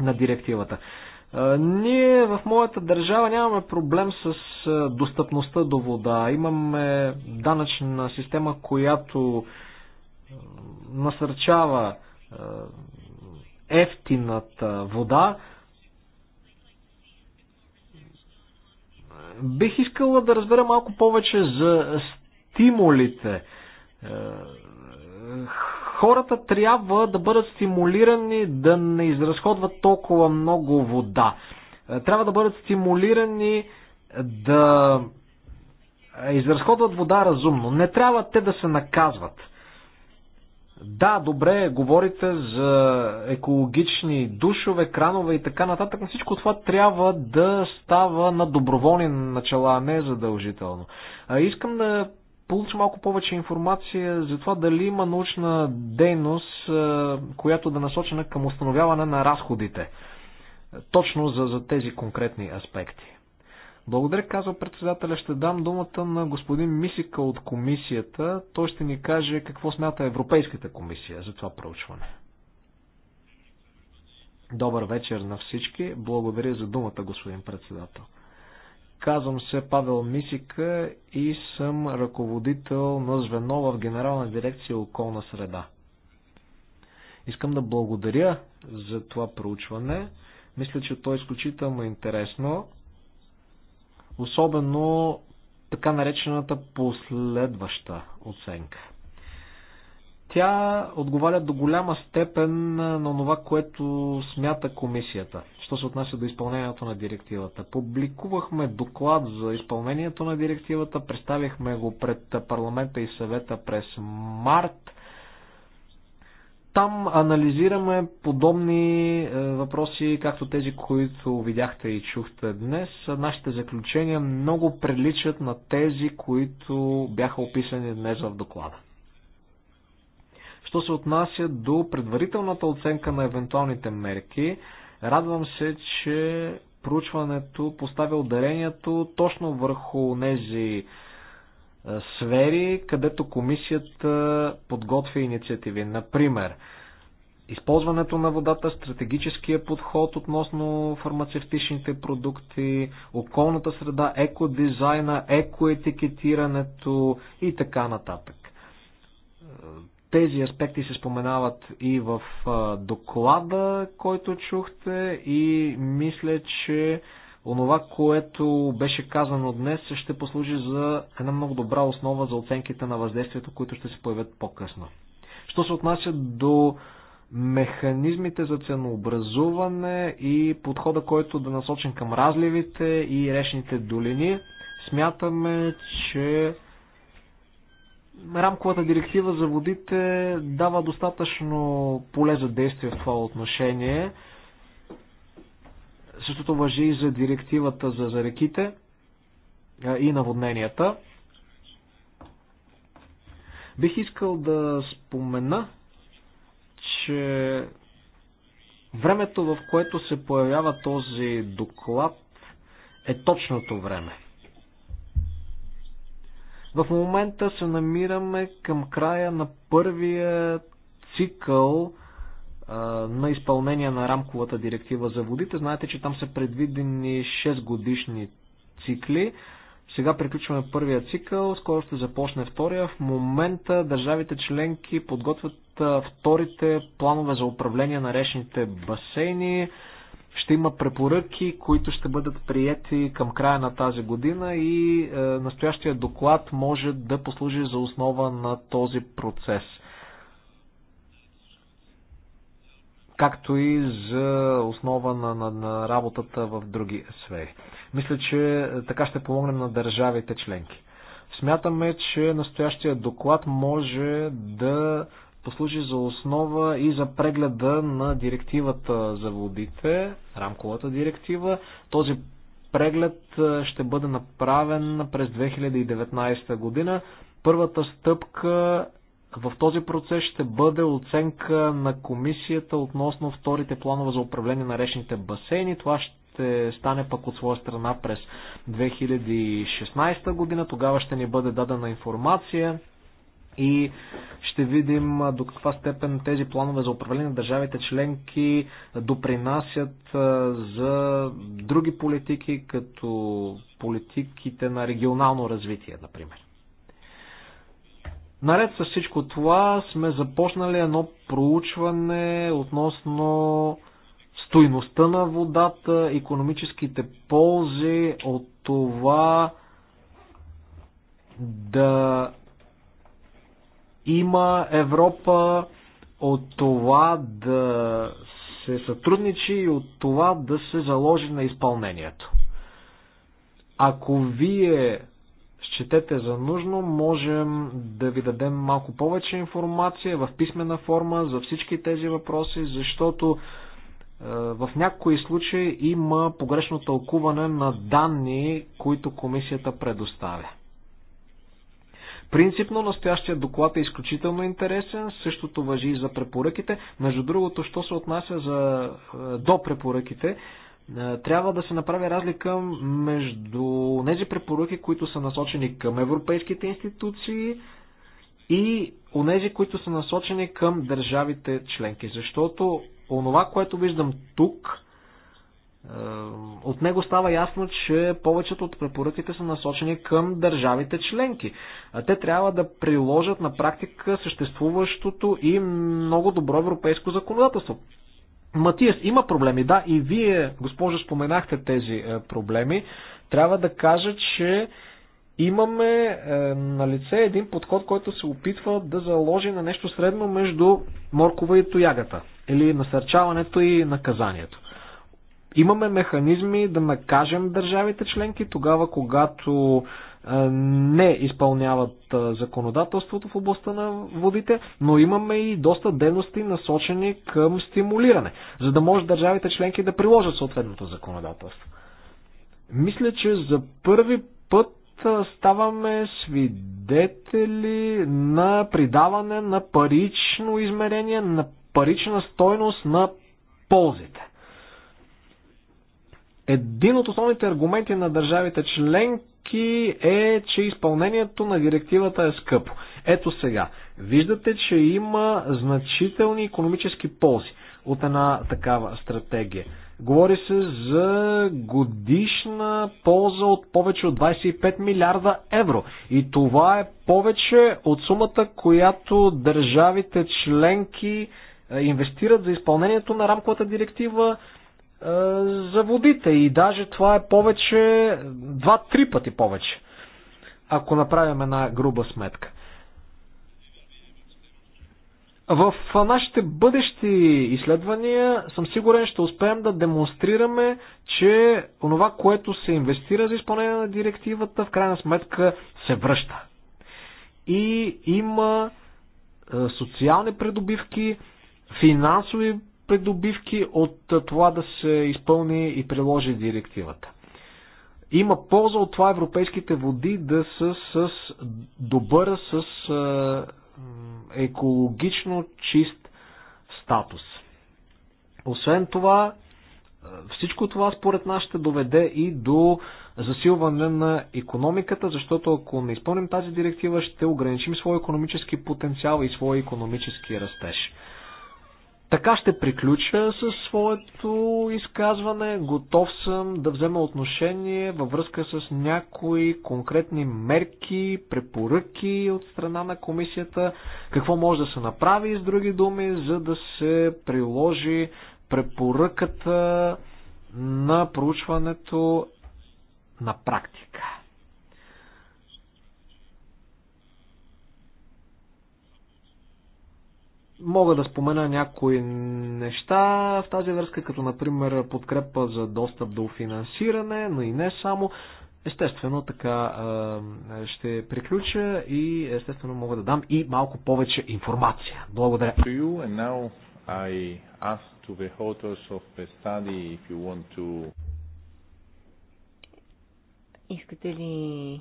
на директивата. Ние в моята държава нямаме проблем с достъпността до вода. Имаме данъчна система, която насърчава ефтината вода. Бих искала да разбера малко повече за стимулите Хората трябва да бъдат стимулирани да не изразходват толкова много вода. Е, трябва да бъдат стимулирани да е, изразходват вода разумно. Не трябва те да се наказват. Да, добре, говорите за екологични душове, кранове и така нататък, но всичко това трябва да става на доброволни начала, а не задължително. Е, искам да получа малко повече информация за това дали има научна дейност, която да е насочена към установяване на разходите. Точно за, за тези конкретни аспекти. Благодаря, казва председателя. Ще дам думата на господин Мисика от комисията. Той ще ни каже какво смята Европейската комисия за това проучване. Добър вечер на всички. Благодаря за думата, господин председател. Казвам се Павел Мисика и съм ръководител на звено в Генерална дирекция околна среда. Искам да благодаря за това проучване. Мисля, че то е изключително интересно. Особено така наречената последваща оценка. Тя отговаря до голяма степен на това, което смята комисията що се отнася до изпълнението на директивата. Публикувахме доклад за изпълнението на директивата, представихме го пред парламента и съвета през март. Там анализираме подобни е, въпроси, както тези, които видяхте и чухте днес. Нашите заключения много приличат на тези, които бяха описани днес в доклада. Що се отнася до предварителната оценка на евентуалните мерки, Радвам се, че проучването поставя ударението точно върху тези е, сфери, където комисията подготвя инициативи. Например, използването на водата, стратегическия подход относно фармацевтичните продукти, околната среда, екодизайна, екоетикетирането и така нататък. Тези аспекти се споменават и в доклада, който чухте и мисля, че онова, което беше казано днес, ще послужи за една много добра основа за оценките на въздействието, които ще се появят по-късно. Що се отнася до механизмите за ценообразуване и подхода, който да насочен към разливите и речните долини, смятаме, че Рамковата директива за водите дава достатъчно поле за действие в това отношение. Същото въжи и за директивата за, за реките и наводненията. Бих искал да спомена, че времето, в което се появява този доклад, е точното време. В момента се намираме към края на първия цикъл на изпълнение на рамковата директива за водите. Знаете, че там са предвидени 6 годишни цикли. Сега приключваме първия цикъл, скоро ще започне втория. В момента държавите членки подготвят вторите планове за управление на речните басейни. Ще има препоръки, които ще бъдат приети към края на тази година и е, настоящия доклад може да послужи за основа на този процес. както и за основа на, на, на работата в други сфери. Мисля, че така ще помогнем на държавите членки. Смятаме, че настоящия доклад може да послужи за основа и за прегледа на директивата за водите, рамковата директива. Този преглед ще бъде направен през 2019 година. Първата стъпка в този процес ще бъде оценка на комисията относно вторите планове за управление на речните басейни. Това ще стане пък от своя страна през 2016 година. Тогава ще ни бъде дадена информация и ще видим до каква степен тези планове за управление на държавите членки допринасят за други политики, като политиките на регионално развитие, например. Наред с всичко това сме започнали едно проучване относно стойността на водата, економическите ползи от това да има Европа от това да се сътрудничи и от това да се заложи на изпълнението. Ако вие счетете за нужно, можем да ви дадем малко повече информация в писмена форма за всички тези въпроси, защото е, в някои случаи има погрешно тълкуване на данни, които комисията предоставя. Принципно настоящия доклад е изключително интересен, същото въжи и за препоръките. Между другото, що се отнася за, е, до препоръките, е, трябва да се направи разлика между тези препоръки, които са насочени към европейските институции и онези, които са насочени към държавите членки. Защото онова, което виждам тук, е, от него става ясно, че повечето от препоръките са насочени към държавите членки. Те трябва да приложат на практика съществуващото и много добро европейско законодателство. Матиас, има проблеми, да, и вие, госпожо, споменахте тези е, проблеми. Трябва да кажа, че имаме е, на лице един подход, който се опитва да заложи на нещо средно между моркова и тоягата, или насърчаването и наказанието. Имаме механизми да накажем държавите членки тогава, когато не изпълняват законодателството в областта на водите, но имаме и доста дейности насочени към стимулиране, за да може държавите членки да приложат съответното законодателство. Мисля, че за първи път ставаме свидетели на придаване на парично измерение, на парична стойност на ползите. Един от основните аргументи на държавите членки е, че изпълнението на директивата е скъпо. Ето сега, виждате, че има значителни економически ползи от една такава стратегия. Говори се за годишна полза от повече от 25 милиарда евро. И това е повече от сумата, която държавите членки е, инвестират за изпълнението на рамковата директива е, за водите. И даже това е повече, два-три пъти повече, ако направим една груба сметка. В нашите бъдещи изследвания съм сигурен ще успеем да демонстрираме, че онова, което се инвестира за изпълнение на директивата, в крайна сметка се връща. И има е, социални придобивки, финансови предобивки от това да се изпълни и приложи директивата. Има полза от това европейските води да са с добър, с екологично чист статус. Освен това, всичко това според нас ще доведе и до засилване на економиката, защото ако не изпълним тази директива, ще ограничим своя економически потенциал и своя економически растеж. Така ще приключа със своето изказване. Готов съм да взема отношение във връзка с някои конкретни мерки, препоръки от страна на комисията, какво може да се направи с други думи, за да се приложи препоръката на проучването на практика. Мога да спомена някои неща в тази връзка, като например подкрепа за достъп до финансиране, но и не само. Естествено, така ще приключа и естествено мога да дам и малко повече информация. Благодаря. Искате ли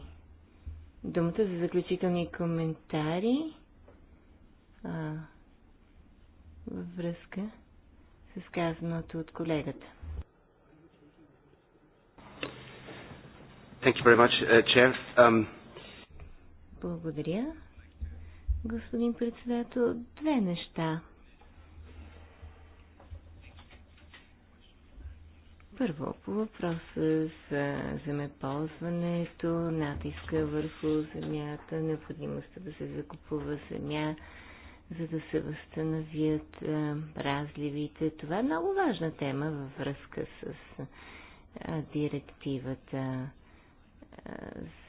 думата за заключителни коментари? във връзка с казаното от колегата. Thank you very much, uh, Chair. Um... Благодаря. Господин председател, две неща. Първо, по въпроса за земеползването, натиска върху земята, необходимостта да се закупува земя, за да се възстановят а, е, разливите. Това е много важна тема във връзка с а, е, директивата а, е,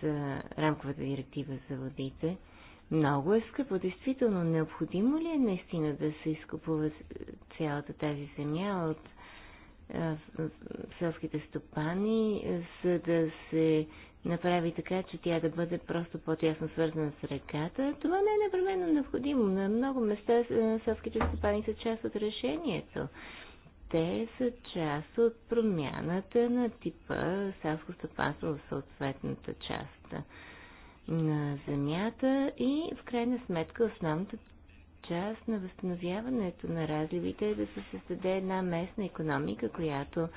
за рамковата директива за водите. Много е скъпо. Действително, необходимо ли е наистина да се изкупува цялата тази земя от селските стопани, за да се направи така, че тя да бъде просто по-тясно свързана с реката. Това не е непременно необходимо. На много места е, селските стопани са част от решението. Те са част от промяната на типа селско стопанство в съответната част на земята и в крайна сметка основната част на възстановяването на разливите е да се създаде една местна економика, която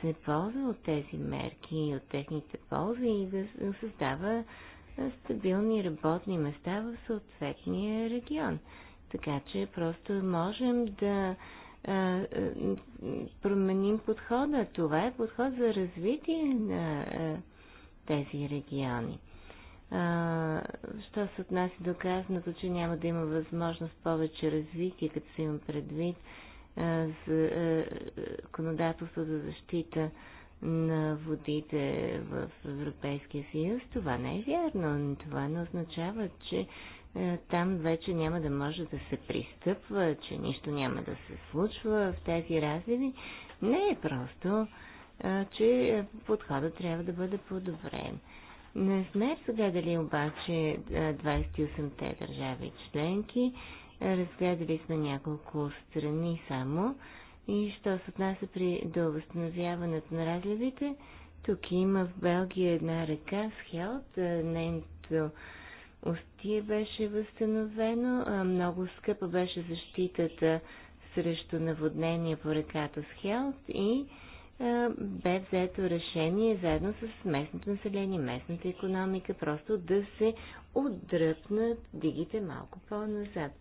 се ползва от тези мерки и от техните ползи и да създава стабилни работни места в съответния регион. Така че просто можем да променим подхода. Това е подход за развитие на тези региони. Що се отнася до казаното, че няма да има възможност повече развитие, като се има предвид, за законодателство за защита на водите в Европейския съюз. Това не е вярно. Това не означава, че там вече няма да може да се пристъпва, че нищо няма да се случва в тези разливи. Не е просто, че подходът трябва да бъде подобрен. Не сме сега дали обаче 28-те държави членки Разгледали сме няколко страни само. И що се отнася при до възстановяването на разливите, тук има в Белгия една река с Хелт. Е, нейното остие беше възстановено. Е, много скъпа беше защитата срещу наводнение по реката с Хелт и е, бе взето решение заедно с местното население, местната економика, просто да се отдръпнат дигите малко по-назад.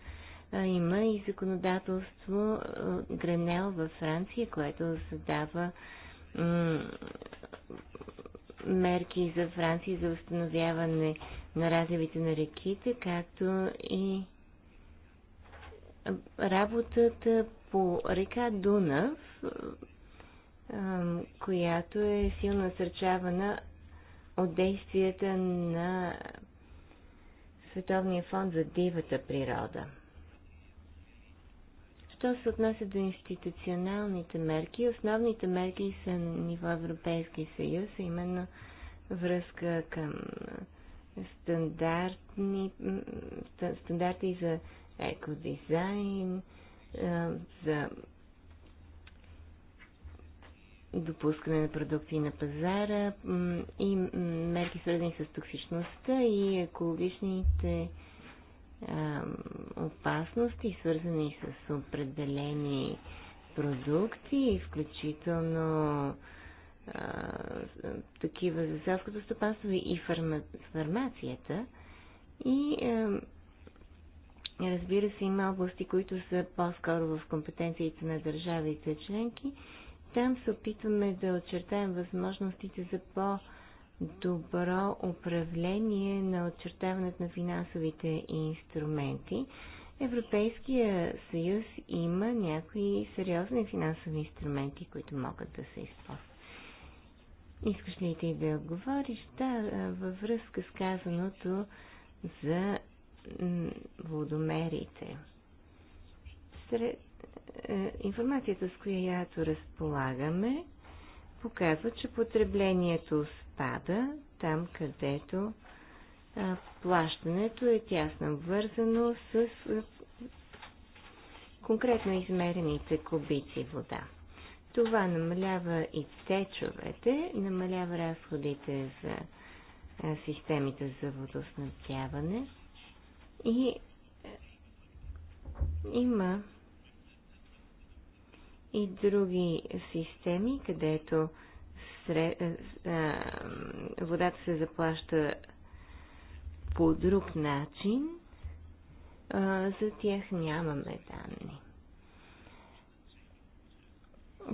Има и законодателство Гренел във Франция, което създава мерки за Франция за установяване на разливите на реките, както и работата по река Дунав, която е силно насърчавана от действията на Световния фонд за дивата природа. Що се отнася до институционалните мерки, основните мерки са на ниво Европейски съюз, а именно връзка към стандартни, стандарти за екодизайн, за допускане на продукти на пазара и мерки свързани с токсичността и екологичните опасности, свързани с определени продукти, включително а, такива за селското стопанство и фарма, фармацията. И а, разбира се, има области, които са по-скоро в компетенциите на държавите членки. Там се опитваме да очертаем възможностите за по- добро управление на отчертаването на финансовите инструменти. Европейския съюз има някои сериозни финансови инструменти, които могат да се използват. Искаш ли ти да отговориш? Да, във връзка с казаното за водомерите. Сред, е, информацията, с която разполагаме, показва, че потреблението пада там, където а, плащането е тясно вързано с а, конкретно измерените кубици вода. Това намалява и течовете, намалява разходите за а, системите за водоснабдяване и има и други системи, където сре... Е, е, водата се заплаща по друг начин, за тях нямаме данни.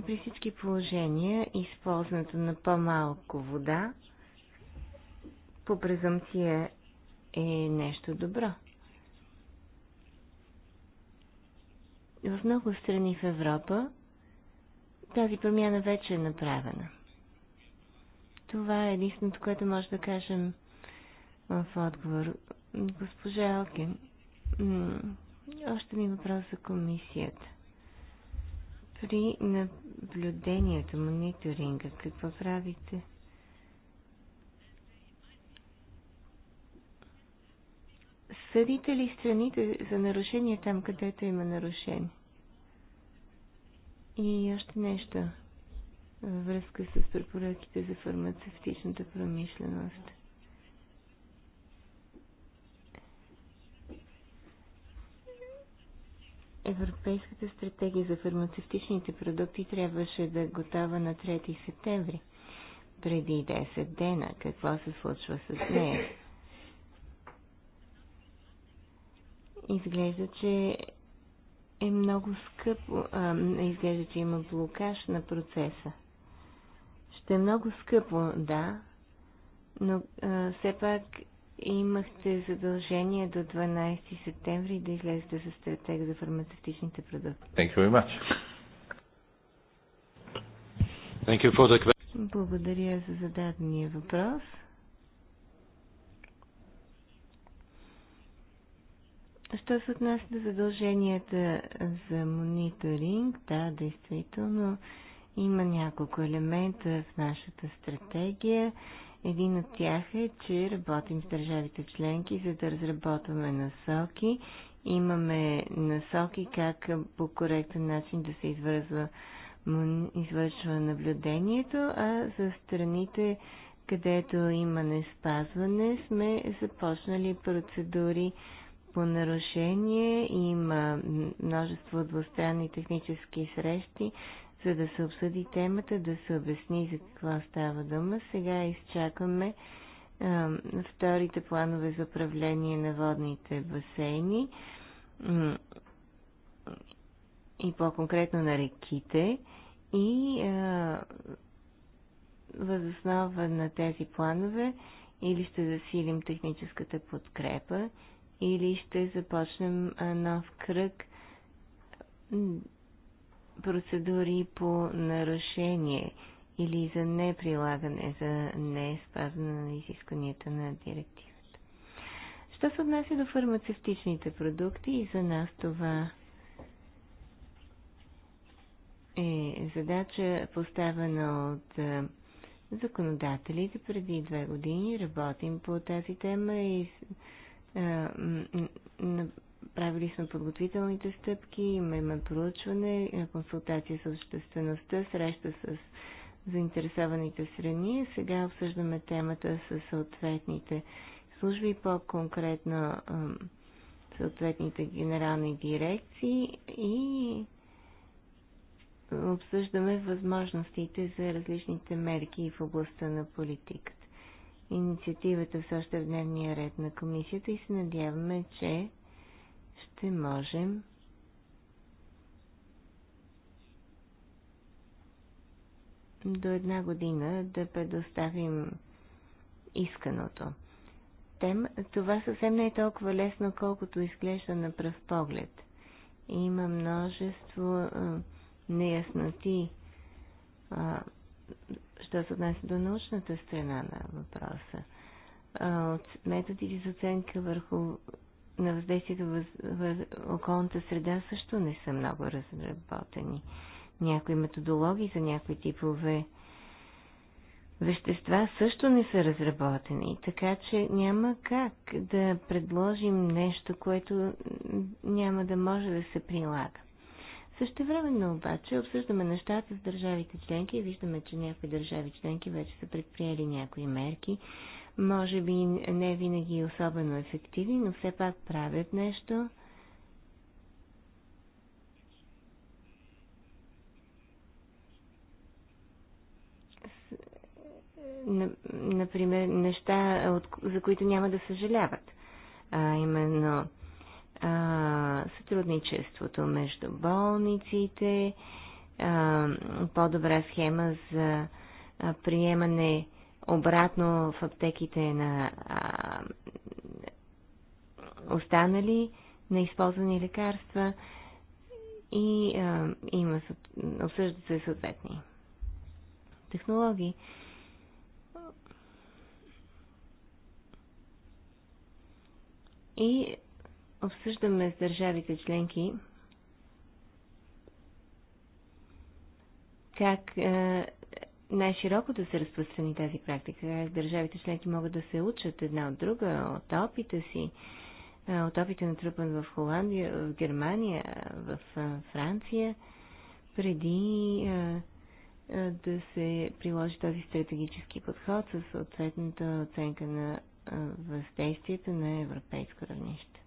При всички положения, използването на по-малко вода по презумпция е нещо добро. В много страни в Европа тази промяна вече е направена. Това е единственото, което може да кажем в отговор. Госпожа Алкин, още ми е въпрос за комисията. При наблюдението, мониторинга, какво правите? Съдите ли страните за нарушения там, където има нарушение? И още нещо във връзка с препоръките за фармацевтичната промишленост. Европейската стратегия за фармацевтичните продукти трябваше да е готова на 3 септември, преди 10 дена. Какво се случва с нея? Изглежда, че е много скъпо. А, изглежда, че има блокаж на процеса ще е много скъпо, да, но а, все пак имахте задължение до 12 септември да излезете с стратегия за фармацевтичните продукти. Thank you very much. Thank you for the... Благодаря за зададения въпрос. Що се отнася до задълженията за мониторинг, да, действително, има няколко елемента в нашата стратегия. Един от тях е, че работим с държавите членки, за да разработваме насоки. Имаме насоки как по коректен начин да се извързва, извършва наблюдението, а за страните, където има неспазване, сме започнали процедури по нарушение. Има множество двустранни технически срещи за да се обсъди темата, да се обясни за какво става дума. Сега изчакваме а, вторите планове за управление на водните басейни и по-конкретно на реките и а, възоснова на тези планове или ще засилим техническата подкрепа, или ще започнем нов кръг процедури по нарушение или за неприлагане, за не спазване на изискванията на директивата. Що се отнася до фармацевтичните продукти и за нас това е задача поставена от законодателите. Преди две години работим по тази тема и Правили сме подготвителните стъпки, имаме проучване, консултация с обществеността, среща с заинтересованите страни. Сега обсъждаме темата с съответните служби, по-конкретно съответните генерални дирекции и обсъждаме възможностите за различните мерки в областта на политиката. Инициативата все още е в дневния ред на комисията и се надяваме, че ще можем до една година да предоставим исканото. Тем, това съвсем не е толкова лесно, колкото изглежда на пръв поглед. Има множество а, неясноти, а, що се отнася до научната страна на въпроса. А, от методите за оценка върху на въздействието въз... въз... околната среда също не са много разработени. Някои методологии за някои типове вещества също не са разработени, така че няма как да предложим нещо, което няма да може да се прилага. Също време, обаче обсъждаме нещата с държавите членки и виждаме, че някои държави членки вече са предприели някои мерки може би не винаги е особено ефективни, но все пак правят нещо. Например, неща, за които няма да съжаляват. А именно а, сътрудничеството между болниците, по-добра схема за приемане обратно в аптеките на а, останали използвани лекарства и а, има, обсъждат се съответни технологии. И обсъждаме с държавите членки как най-широко да се разпространи тази практика. Държавите членки могат да се учат една от друга, от опита си, от опита трупан в Холандия, в Германия, в Франция, преди да се приложи този стратегически подход с съответната оценка на въздействието на европейско равнище.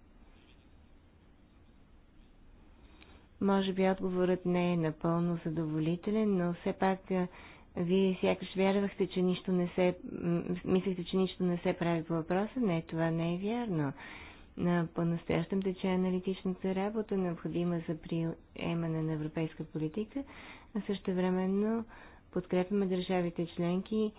Може би отговорът не е напълно задоволителен, но все пак вие сякаш вярвахте, че нищо не се... Мислихте, че нищо не се прави по въпроса. Не, това не е вярно. На по-настоящем тече аналитичната работа, необходима за приемане на европейска политика, а също времено подкрепяме държавите членки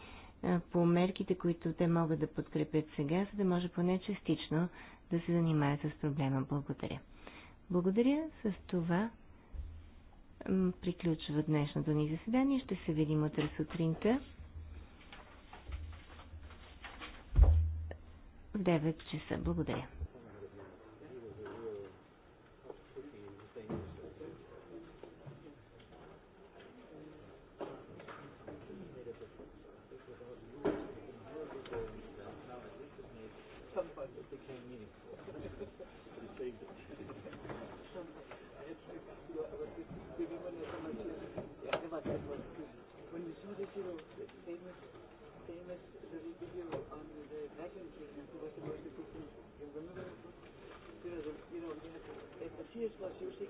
по мерките, които те могат да подкрепят сега, за да може поне частично да се занимаят с проблема. Благодаря. Благодаря. С това приключва днешното ни заседание. Ще се видим утре сутринта в 9 часа. Благодаря. Gracias.